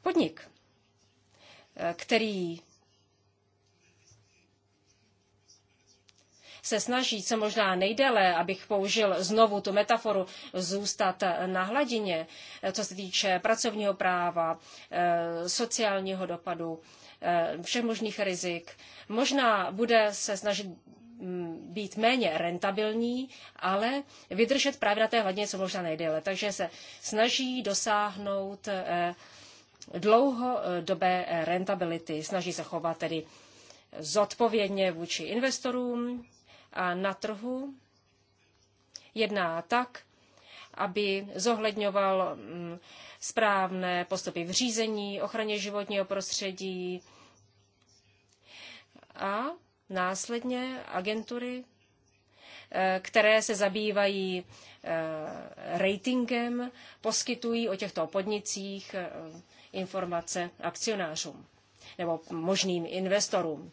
podnik, e, který se snaží co možná nejdéle, abych použil znovu tu metaforu, zůstat na hladině, co se týče pracovního práva, sociálního dopadu Eh, všech možných rizik. Možná bude se snažit mm, být méně rentabilní, ale vydržet právě na té hladině co možná nejdéle. Takže se snaží dosáhnout eh, dlouhodobé eh, rentability. Snaží se chovat tedy zodpovědně vůči investorům a na trhu jedná tak, aby zohledňoval mm, správné postupy v řízení, ochraně životního prostředí a následně agentury, eh, které se zabývají eh, ratingem, poskytují o těchto podnicích eh, informace akcionářům nebo možným investorům.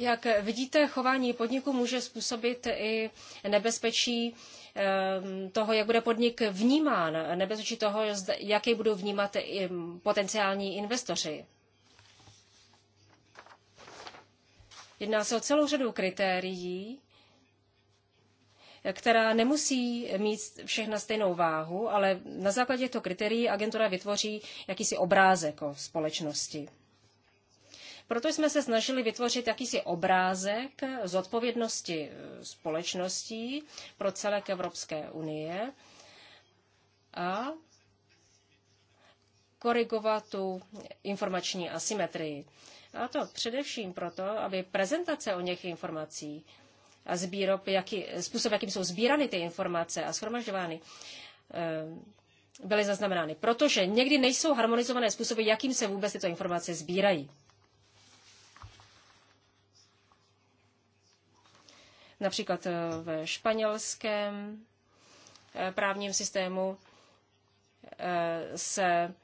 Jak vidíte, chování podniku může způsobit i nebezpečí ehm, toho, jak bude podnik vnímán, nebezpečí toho, jaký budou vnímat i mm, potenciální investoři. Jedná se o celou řadu kritérií, která nemusí mít všechna stejnou váhu, ale na základě těchto kritérií agentura vytvoří jakýsi obrázek o společnosti. Proto jsme se snažili vytvořit jakýsi obrázek z odpovědnosti eh, společností pro celek Evropské unie a korigovat tu informační asymetrii. A to především proto, aby prezentace o něch informací a zbírop, jaký, způsob, jakým jsou sbírany ty informace a shromažďovány, eh, byly zaznamenány. Protože někdy nejsou harmonizované způsoby, jakým se vůbec tyto informace sbírají. například eh, ve španělském eh, právním systému eh, se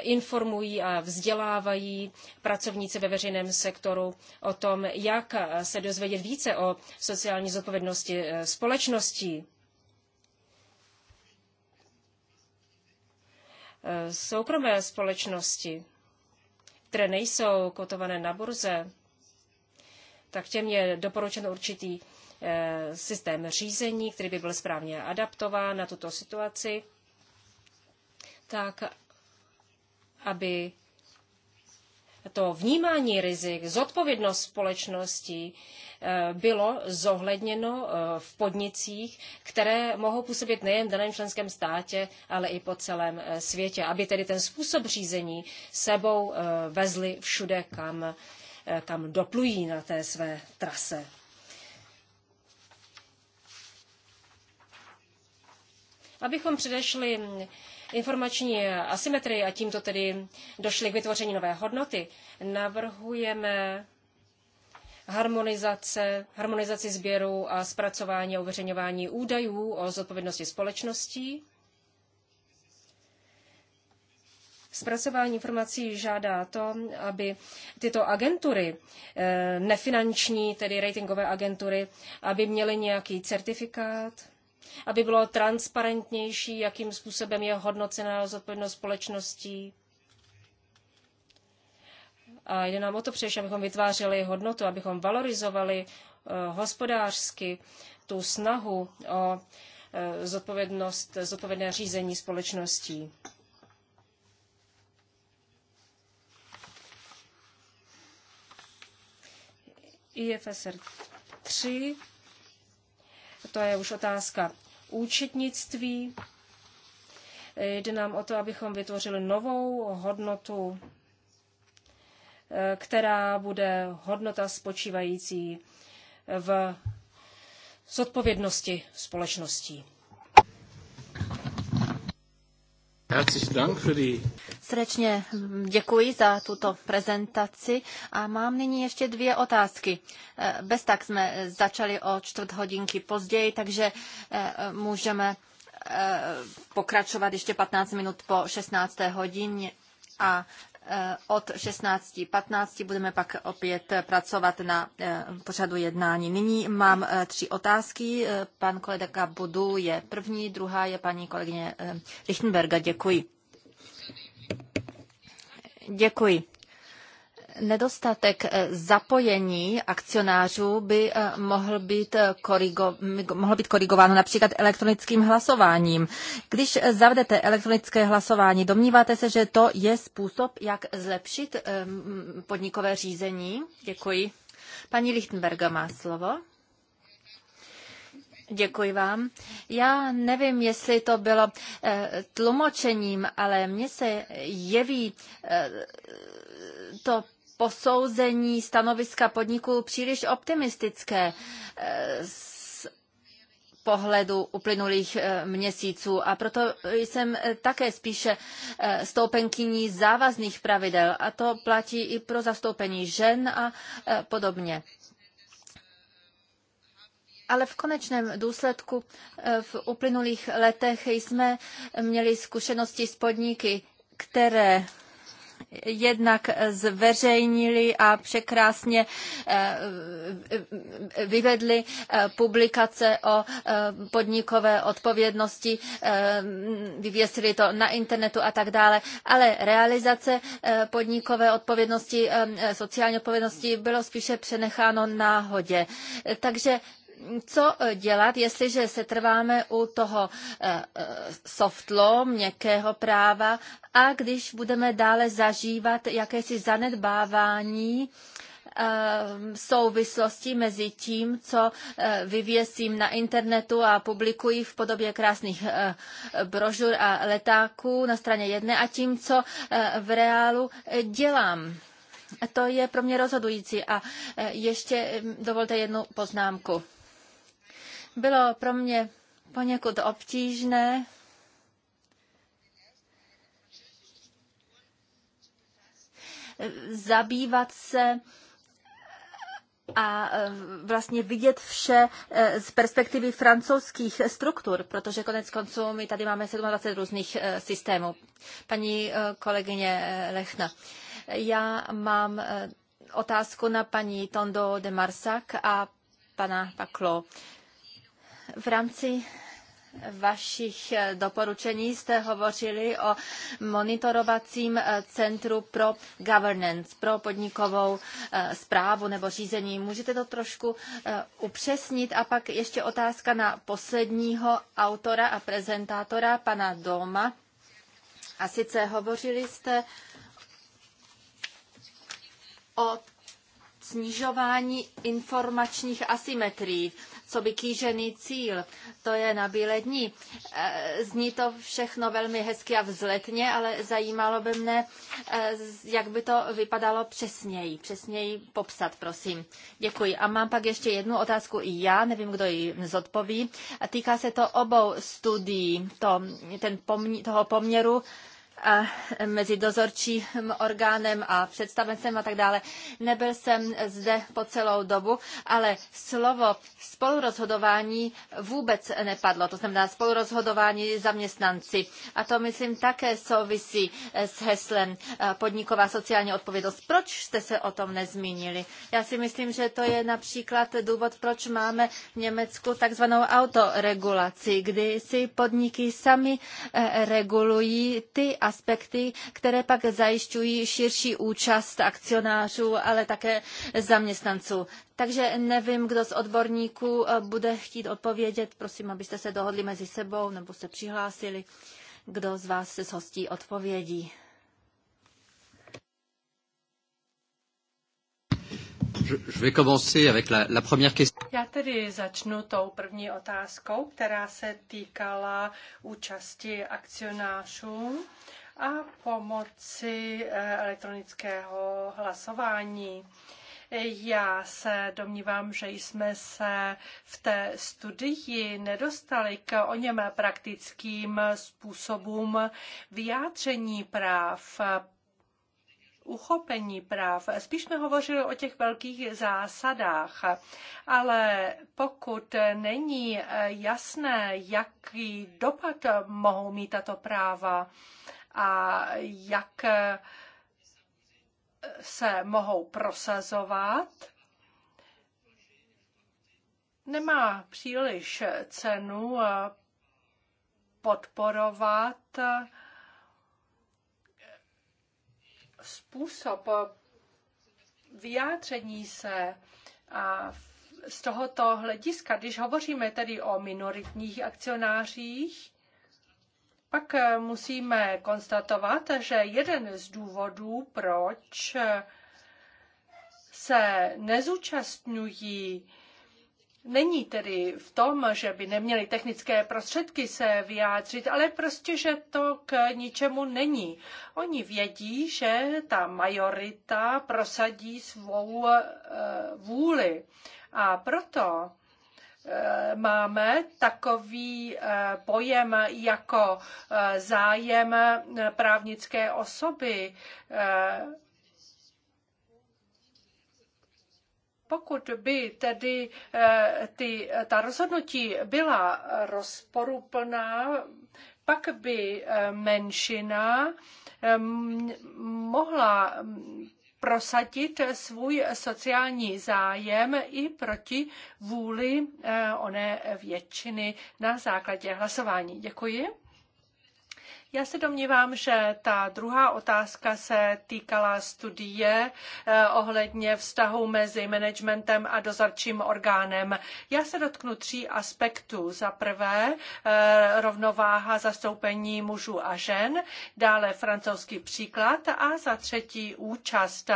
informují a vzdělávají pracovníci ve veřejném sektoru o tom, jak se dozvědět více o sociální zodpovědnosti společností. Soukromé společnosti, které nejsou kotované na burze, tak těm je doporučen určitý Eh, systém řízení, který by byl správně adaptován na tuto situaci, tak aby to vnímání rizik, zodpovědnost společnosti eh, bylo zohledněno eh, v podnicích, které mohou působit nejen v daném členském státě, ale i po celém světě, aby tedy ten způsob řízení sebou vezli všude, kam, kam doplují na té své trase. abychom předešli informační asymetrii a tímto tedy došli k vytvoření nové hodnoty, navrhujeme harmonizace, harmonizaci sběru a zpracování a uveřejňování údajů o zodpovědnosti společností. Zpracování informací žádá to, aby tyto agentury, eh, nefinanční, tedy ratingové agentury, aby měly nějaký certifikát, aby bylo transparentnější, jakým způsobem je hodnocena zodpovědnost společností. A jde nám o to především, abychom vytvářeli hodnotu, abychom valorizovali eh, hospodářsky tu snahu o eh, zodpovědnost, zodpovědné řízení společností. IFSR 3 to je už otázka účetnictví. Jde nám o to, abychom vytvořili novou hodnotu, eh, která bude hodnota spočívající v zodpovědnosti společností. Srdečně děkuji za tuto prezentaci a mám nyní ještě dvě otázky. Eh, bez tak jsme začali o čtvrt hodinky později, takže eh, můžeme eh, pokračovat ještě 15 minut po 16. hodině a Eh, od 16.15 budeme pak opět pracovat na eh, pořadu jednání. Nyní mám eh, tři otázky. Pan kolega Budu je první, druhá je paní kolegyně Lichtenberga. Děkuji. Děkuji. Nedostatek eh, zapojení akcionářů by eh, mohl být, eh, korigo, mohl být korigováno například elektronickým hlasováním. Když zavedete elektronické hlasování, domníváte se, že to je způsob, jak zlepšit podnikové řízení? Děkuji. Paní Lichtenberga má slovo. Děkuji vám. Já nevím, jestli to bylo tlumočením, ale mně se jeví to posouzení stanoviska podniků příliš optimistické eh, z pohledu uplynulých eh, měsíců a proto jsem eh, také spíše stoupenkyní závazných pravidel a to platí i pro zastoupení žen a podobně. Ale v konečném důsledku v uplynulých letech jsme měli zkušenosti s podniky, které jednak zveřejnili a překrásně eh, eh, vyvedli eh, publikace o podnikové odpovědnosti, vyvěsili to na internetu a tak dále, ale realizace podnikové odpovědnosti, sociální odpovědnosti bylo spíše přenecháno náhodě. Takže co e, dělat, jestliže se trváme u toho e, e, soft law, měkkého práva, a když budeme dále zažívat jakési zanedbávání souvislosti mezi tím, co vyvěsím na internetu a publikuji v podobě krásných brožur a letáků na straně jedné a tím, co v reálu dělám. To je pro mě rozhodující. A ještě dovolte jednu poznámku. Bylo pro mě poněkud obtížné zabývat se a e, vlastně vidět vše e, z perspektivy francouzských struktur, protože konec konců my tady máme 27 různých e, systémů. Paní kolegyně Lechna, já mám otázku na paní Tondo de Marsac a pana Paklo. V rámci vašich eh, doporučení jste hovořili o monitorovacím eh, centru pro governance, pro podnikovou zprávu eh, nebo řízení. Můžete to trošku upřesnit? A pak ještě otázka na posledního autora a prezentátora, pana Doma. A sice hovořili jste o snižování informačních asymetrií co by kýžený cíl. To je na bílé dní. E, zní to všechno velmi hezky a vzletně, ale zajímalo by mne, e, jak by to vypadalo přesněji. Přesněji popsat, prosím. Děkuji. A mám pak ještě jednu otázku i já, nevím, kdo ji zodpoví. týká se to obou studií, to, ten pomní, toho poměru E, mezi dozorčím orgánem a představencem a tak dále. Nebyl jsem zde po celou dobu, ale slovo spolurozhodování vůbec nepadlo. To znamená spolurozhodování zaměstnanci. A to, myslím, také souvisí e, s heslem e, podniková sociální odpovědnost. Proč jste se o tom nezmínili? Já si myslím, že to je například důvod, proč máme v Německu takzvanou autoregulaci, kdy si podniky sami regulují ty a aspekty, které pak zajišťují širší účast akcionářů, ale také zaměstnanců. Takže nevím, kdo z odborníků eh, bude chtít odpovědět. Prosím, abyste se dohodli mezi sebou nebo se přihlásili, kdo z vás se zhostí odpovědí. Já tedy začnu tou první otázkou, která se týkala účasti akcionářů a pomoci eh, elektronického hlasování. Já se domnívám, že jsme se v té studii nedostali k o něm praktickým způsobům vyjádření práv uchopení práv. Spíš jsme hovořili o těch velkých zásadách, ale pokud není eh, jasné, jaký dopad mohou mít tato práva, a jak se mohou prosazovat. Nemá příliš cenu podporovat způsob vyjádření se a z tohoto hlediska, když hovoříme tedy o minoritních akcionářích, pak eh, musíme konstatovat, že jeden z důvodů, proč eh, se nezúčastňují Není tedy v tom, že by neměli technické prostředky se vyjádřit, ale prostě, že to k ničemu není. Oni vědí, že ta majorita prosadí svou eh, vůli. A proto Eh, máme takový eh, pojem jako eh, zájem právnické osoby. Pokud by tedy ty, ta rozhodnutí byla rozporuplná, pak by menšina mohla prosadit svůj sociální zájem i proti vůli eh, oné většiny na základě hlasování. Děkuji. Já se domnívám, že ta druhá otázka se týkala studie eh, ohledně vztahu mezi managementem a dozorčím orgánem. Já se dotknu tří aspektů. Za prvé eh, rovnováha zastoupení mužů a žen, dále francouzský příklad a za třetí účast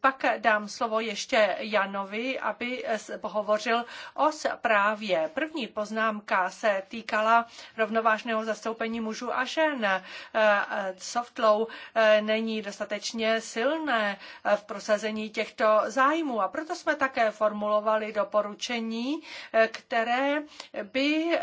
pak dám slovo ještě Janovi, aby pohovořil o zprávě. První poznámka se týkala rovnovážného zastoupení mužů a žen. E, e, soft law e, není dostatečně silné v prosazení těchto zájmů a proto jsme také formulovali doporučení, které by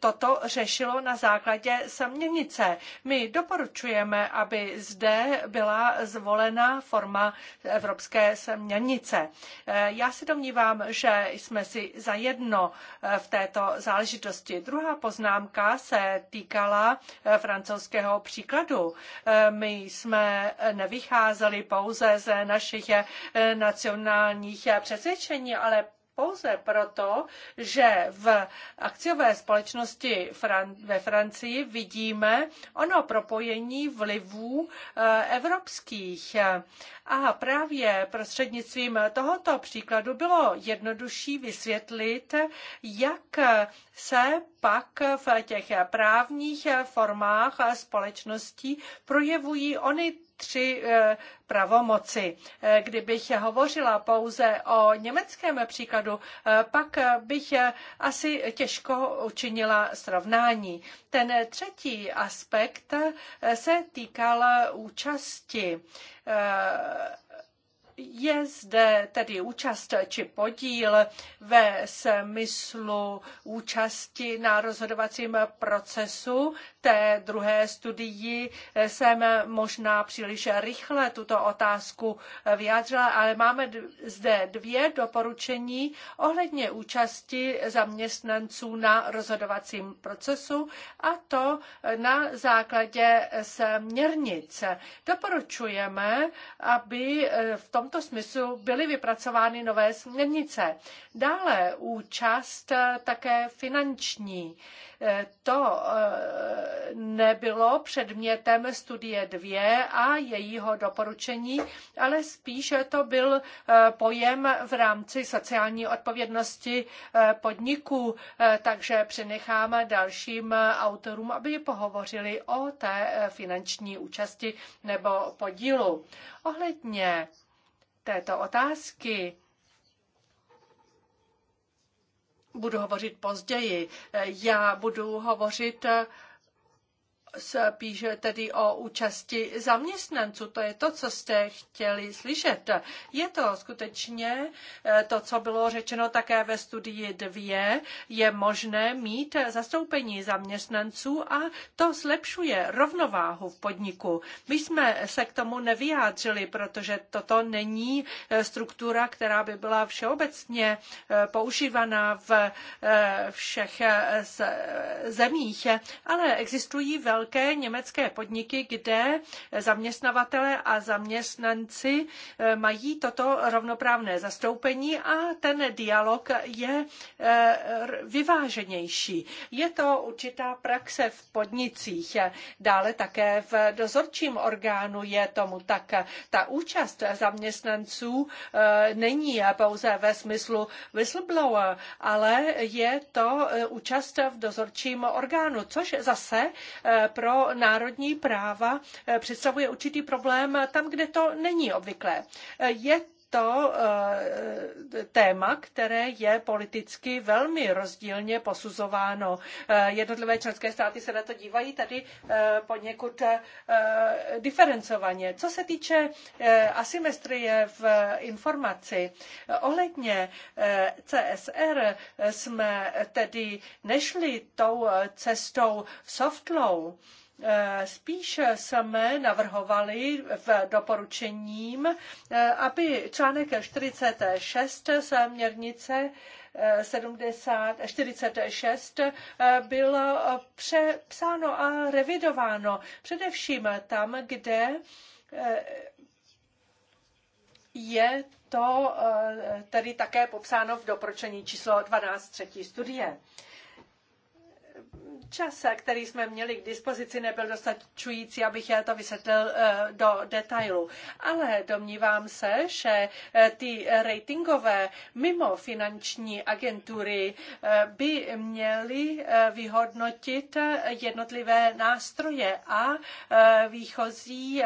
toto řešilo na základě směrnice. My doporučujeme, aby zde byla zvolena forma evropské směrnice. Eh, já se domnívám, že jsme si zajedno eh, v této záležitosti. Druhá poznámka se týkala eh, francouzského příkladu. My jsme nevycházeli pouze ze našich nacionálních přesvědčení, ale pouze proto, že v akciové společnosti ve Francii vidíme ono propojení vlivů eh, evropských. A právě prostřednictvím tohoto příkladu bylo jednodušší vysvětlit, jak se pak v těch právních formách společností projevují ony tři eh, pravomoci. Eh, kdybych hovořila pouze o německém příkladu, eh, pak bych asi těžko učinila srovnání. Ten třetí aspekt se týkal účasti je zde tedy účast či podíl ve smyslu účasti na rozhodovacím procesu té druhé studii jsem možná příliš rychle tuto otázku vyjádřila, ale máme zde dvě doporučení ohledně účasti zaměstnanců na rozhodovacím procesu a to na základě směrnic. Doporučujeme, aby v tomto smyslu byly vypracovány nové směrnice. Dále účast také finanční. To eh, nebylo předmětem studie 2 a jejího doporučení, ale spíše to byl eh, pojem v rámci sociální odpovědnosti eh, podniků, takže přenechám dalším autorům, aby pohovořili o té finanční účasti nebo podílu. Ohledně této otázky budu hovořit později. Já budu hovořit spíše tedy o účasti zaměstnanců. To je to, co jste chtěli slyšet. Je to skutečně eh, to, co bylo řečeno také ve studii 2. Je možné mít zastoupení zaměstnanců a to zlepšuje rovnováhu v podniku. My jsme se k tomu nevyjádřili, protože toto není eh, struktura, která by byla všeobecně eh, používaná v všech zemích, ale existují velmi velké německé podniky, kde zaměstnavatele a zaměstnanci eh, mají toto rovnoprávné zastoupení a ten dialog je eh, vyváženější. Je to určitá praxe v podnicích, dále také v dozorčím orgánu je tomu tak. Ta účast zaměstnanců eh, není pouze ve smyslu whistleblower, ale je to účast v dozorčím orgánu, což zase pro národní práva eh, představuje určitý problém tam, kde to není obvyklé. Eh, je to eh, téma, které je politicky velmi rozdílně posuzováno. Eh, jednotlivé členské státy se na to dívají tady eh, poněkud diferencovaně. Co se týče asymetrie v informaci, ohledně CSR jsme tedy nešli tou cestou soft law, Eh, spíš jsme navrhovali v doporučením, eh, aby článek 46 směrnice 70, eh, 46 bylo přepsáno a revidováno. Především tam, kde je to tedy také popsáno v doporučení číslo 12 třetí studie. Čas, který jsme měli k dispozici, nebyl dostačující, abych já to vysvětlil eh, do detailu. Ale domnívám se, že eh, ty ratingové mimo finanční agentury eh, by měly vyhodnotit jednotlivé nástroje a výchozí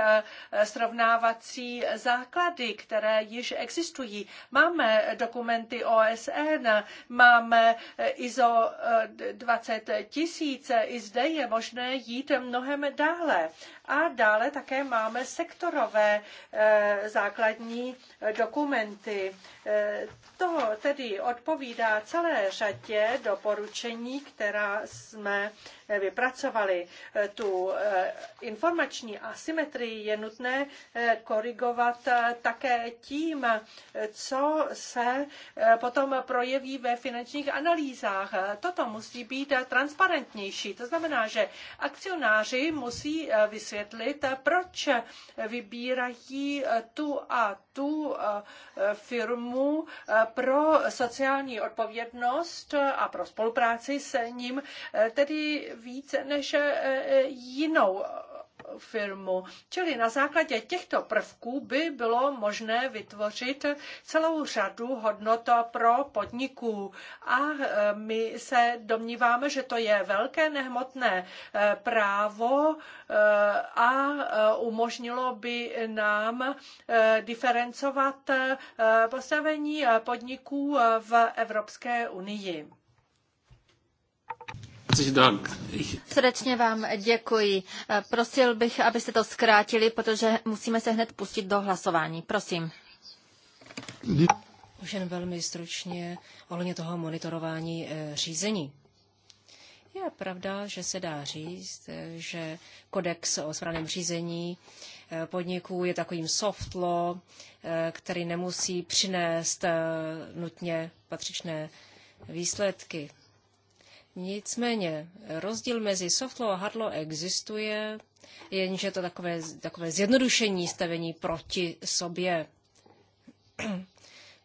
srovnávací základy, které již existují. Máme dokumenty OSN, máme ISO 20 tisíc, tisíce. I zde je možné jít mnohem dále. A dále také máme sektorové eh, základní eh, dokumenty. Eh, to tedy odpovídá celé řadě doporučení, která jsme Eh, vypracovali. Eh, tu eh, informační asymetrii je nutné korigovat také tím, co se potom projeví ve finančních analýzách. Toto musí být transparentnější. To znamená, že akcionáři musí vysvětlit, proč vybírají tu a tu firmu pro sociální odpovědnost a pro spolupráci s ním, tedy více než eh, jinou firmu. Čili na základě těchto prvků by bylo možné vytvořit celou řadu hodnot pro podniků. A eh, my se domníváme, že to je velké nehmotné eh, právo a umožnilo by nám diferencovat postavení podniků v Evropské unii. Srdečně vám děkuji. Prosil bych, abyste to zkrátili, protože musíme se hned pustit do hlasování. Prosím. Už jen velmi stručně ohledně toho monitorování eh, řízení. Je pravda, že se dá říct, eh, že kodex o správném řízení eh, podniků je takovým soft law, který nemusí přinést nutně patřičné výsledky. Nicméně rozdíl mezi soft law a hard law existuje, jenže to takové, takové zjednodušení stavení proti sobě.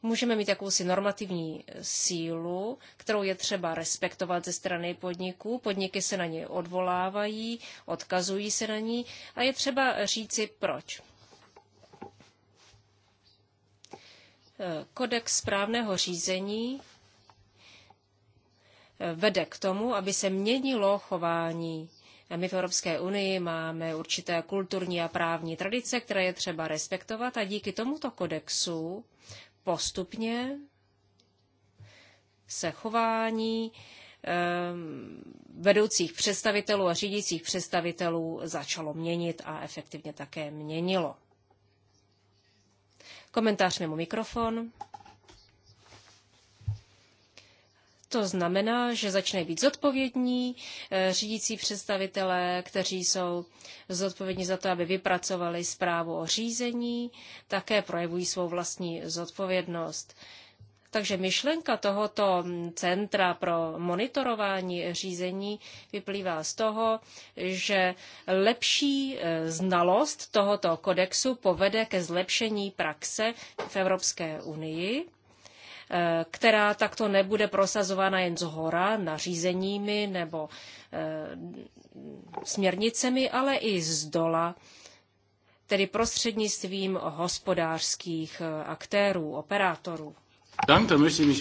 Můžeme mít jakousi normativní sílu, kterou je třeba respektovat ze strany podniků. Podniky se na ně odvolávají, odkazují se na ní a je třeba říci proč. Eh, kodex správného řízení vede k tomu, aby se měnilo chování. A my v Evropské unii máme určité kulturní a právní tradice, které je třeba respektovat a díky tomuto kodexu postupně se chování ehm, vedoucích představitelů a řídících představitelů začalo měnit a efektivně také měnilo. Komentář mimo mikrofon. To znamená, že začne být zodpovědní eh, řídící představitelé, kteří jsou zodpovědní za to, aby vypracovali zprávu o řízení, také projevují svou vlastní zodpovědnost. Takže myšlenka tohoto mm, centra pro monitorování řízení vyplývá z toho, že lepší eh, znalost tohoto kodexu povede ke zlepšení praxe v Evropské unii Eh, která takto nebude prosazována jen zhora nařízeními nebo eh, směrnicemi, ale i z dola, tedy prostřednictvím hospodářských eh, aktérů, operátorů.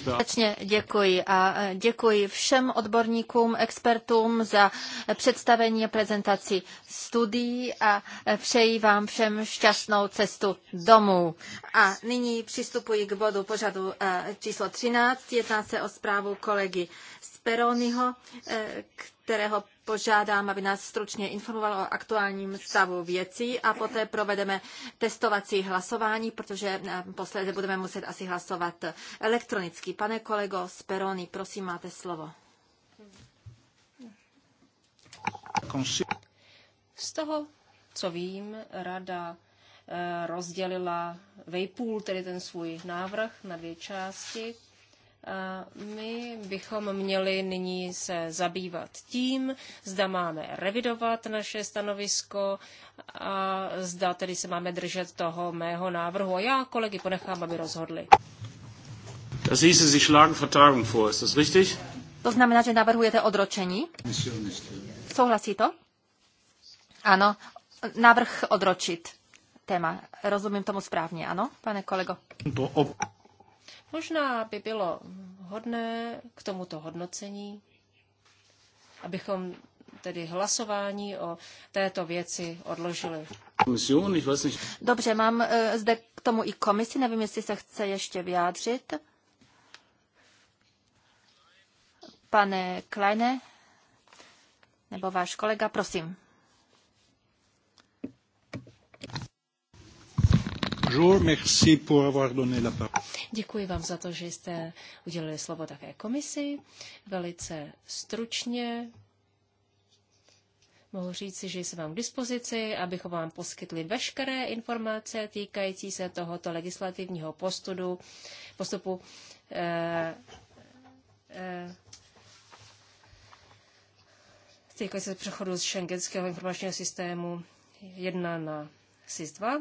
Srdečně děkuji a e, děkuji všem odborníkům, expertům za představení a prezentaci studií a e, přeji vám všem šťastnou cestu domů. A nyní přistupuji k bodu pořadu e, číslo 13. Jedná se o zprávu kolegy Speroniho, který kterého požádám, aby nás stručně informoval o aktuálním stavu věcí a poté provedeme testovací hlasování, protože eh, posledně budeme muset asi hlasovat elektronicky. Pane kolego Speroni, prosím, máte slovo. Z toho, co vím, rada eh, rozdělila vejpůl, tedy ten svůj návrh na dvě části my bychom měli nyní se zabývat tím, zda máme revidovat naše stanovisko a zda tedy se máme držet toho mého návrhu. A já kolegy ponechám, aby rozhodli. Das hieße, Sie schlagen Vertagung vor, ist das richtig? To znamená, že navrhujete odročení? Souhlasí to? Ano, návrh odročit téma. Rozumím tomu správně, ano, pane kolego? Možná by bylo hodné k tomuto hodnocení, abychom tedy hlasování o této věci odložili. Dobře, mám eh, zde k tomu i komisi, nevím, jestli se chce ještě vyjádřit. Pane Kleine, nebo váš kolega, prosím. Děkuji vám za to, že jste udělili slovo také komisi. Velice stručně mohu říci, že jsem vám k dispozici, abychom vám poskytli veškeré informace týkající se tohoto legislativního postudu, postupu. Eh, eh, týkající se přechodu z šengenského informačního systému 1 na SIS 2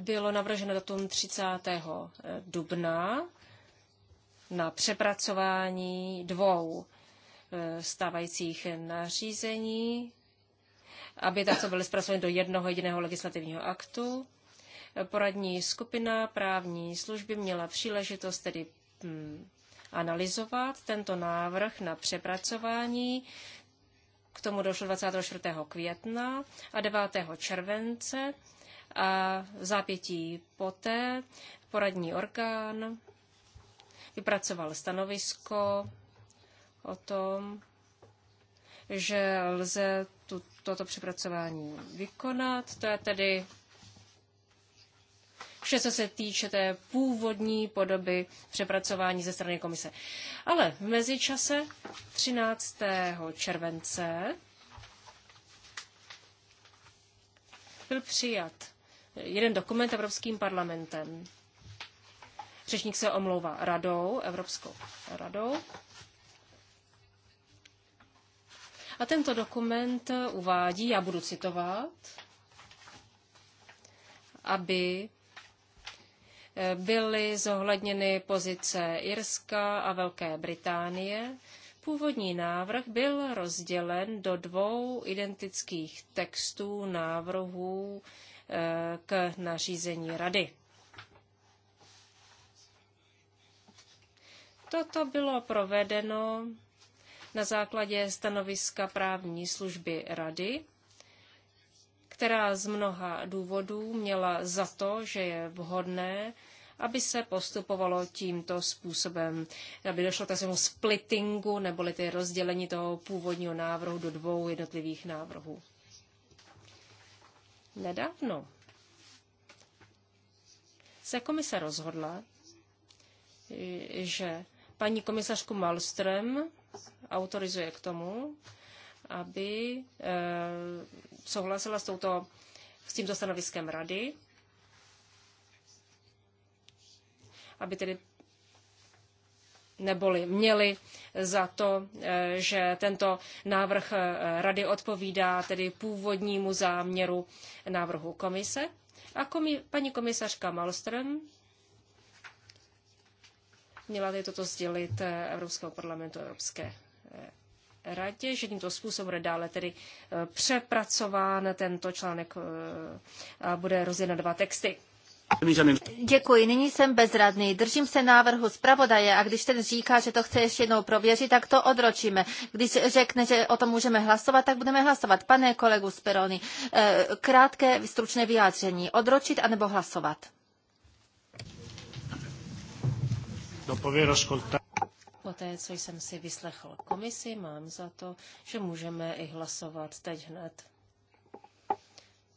bylo navrženo datum 30. Eh, dubna na přepracování dvou eh, stávajících nařízení, aby takto byly zpracovány do jednoho jediného legislativního aktu. Poradní skupina právní služby měla příležitost tedy hm, analyzovat tento návrh na přepracování. K tomu došlo 24. května a 9. července a v zápětí poté poradní orgán vypracoval stanovisko o tom, že lze tu, toto přepracování vykonat. To je tedy vše, co se týče té původní podoby přepracování ze strany komise. Ale v mezičase 13. července byl přijat jeden dokument Evropským parlamentem. Řečník se omlouvá radou, Evropskou radou. A tento dokument uvádí, já budu citovat, aby eh, byly zohledněny pozice Irska a Velké Británie. Původní návrh byl rozdělen do dvou identických textů návrhů k nařízení rady. Toto bylo provedeno na základě stanoviska právní služby rady, která z mnoha důvodů měla za to, že je vhodné, aby se postupovalo tímto způsobem, aby došlo k takovému splittingu neboli ty rozdělení toho původního návrhu do dvou jednotlivých návrhů. Nedávno se komise rozhodla, že paní komisařku Malström autorizuje k tomu, aby eh, souhlasila s, touto, s tímto stanoviskem rady, aby tedy neboli měli za to, eh, že tento návrh eh, rady odpovídá tedy původnímu záměru návrhu komise. A komi- paní komisařka Malström měla tady toto sdělit eh, Evropského parlamentu Evropské radě, že tímto způsobem bude dále tedy přepracován tento článek a bude rozdělen na dva texty. Děkuji, nyní jsem bezradný. Držím se návrhu zpravodaje a když ten říká, že to chce ještě jednou prověřit, tak to odročíme. Když řekne, že o tom můžeme hlasovat, tak budeme hlasovat. Pane kolegu Speroni, eh, krátké stručné vyjádření. Odročit anebo hlasovat? Poté, co jsem si vyslechl komisi, mám za to, že můžeme i hlasovat teď hned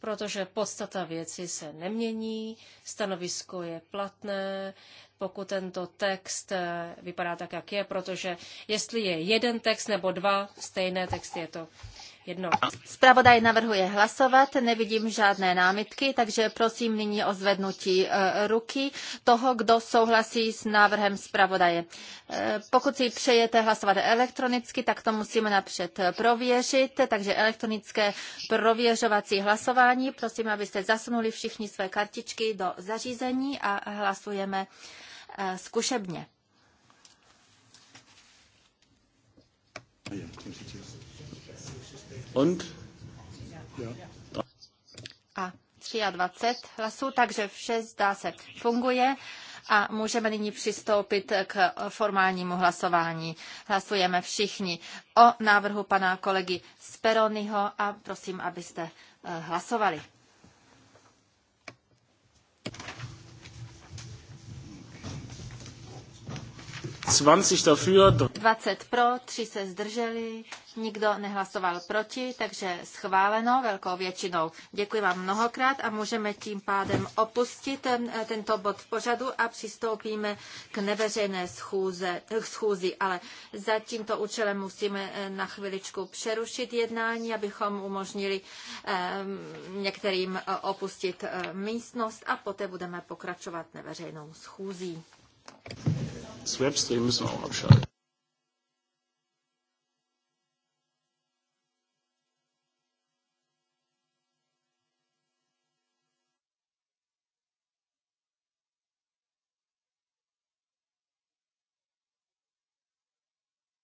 protože podstata věci se nemění, stanovisko je platné, pokud tento text eh, vypadá tak, jak je, protože jestli je jeden text nebo dva stejné texty, je to jedno. Spravodaj navrhuje hlasovat, nevidím žádné námitky, takže prosím nyní o zvednutí e, ruky toho, kdo souhlasí s návrhem zpravodaje. E, pokud si přejete hlasovat elektronicky, tak to musíme napřed prověřit, takže elektronické prověřovací hlasování. Prosím, abyste zasunuli všichni své kartičky do zařízení a hlasujeme e, zkušebně. Yeah, Und? A 23 hlasů, takže vše zdá se funguje a můžeme nyní přistoupit k formálnímu hlasování. Hlasujeme všichni o návrhu pana kolegy Speronyho a prosím, abyste eh, hlasovali. 20 dafür. 20 pro, 3 se zdrželi, nikdo nehlasoval proti, takže schváleno velkou většinou. Děkuji vám mnohokrát a můžeme tím pádem opustit eh, tento bod pořadu a přistoupíme k neveřejné schůze, schůzi, ale za tímto účelem musíme eh, na chviličku přerušit jednání, abychom umožnili ehm, některým eh, opustit místnost a poté budeme pokračovat neveřejnou schůzí. Das Webstream müssen wir auch abschalten.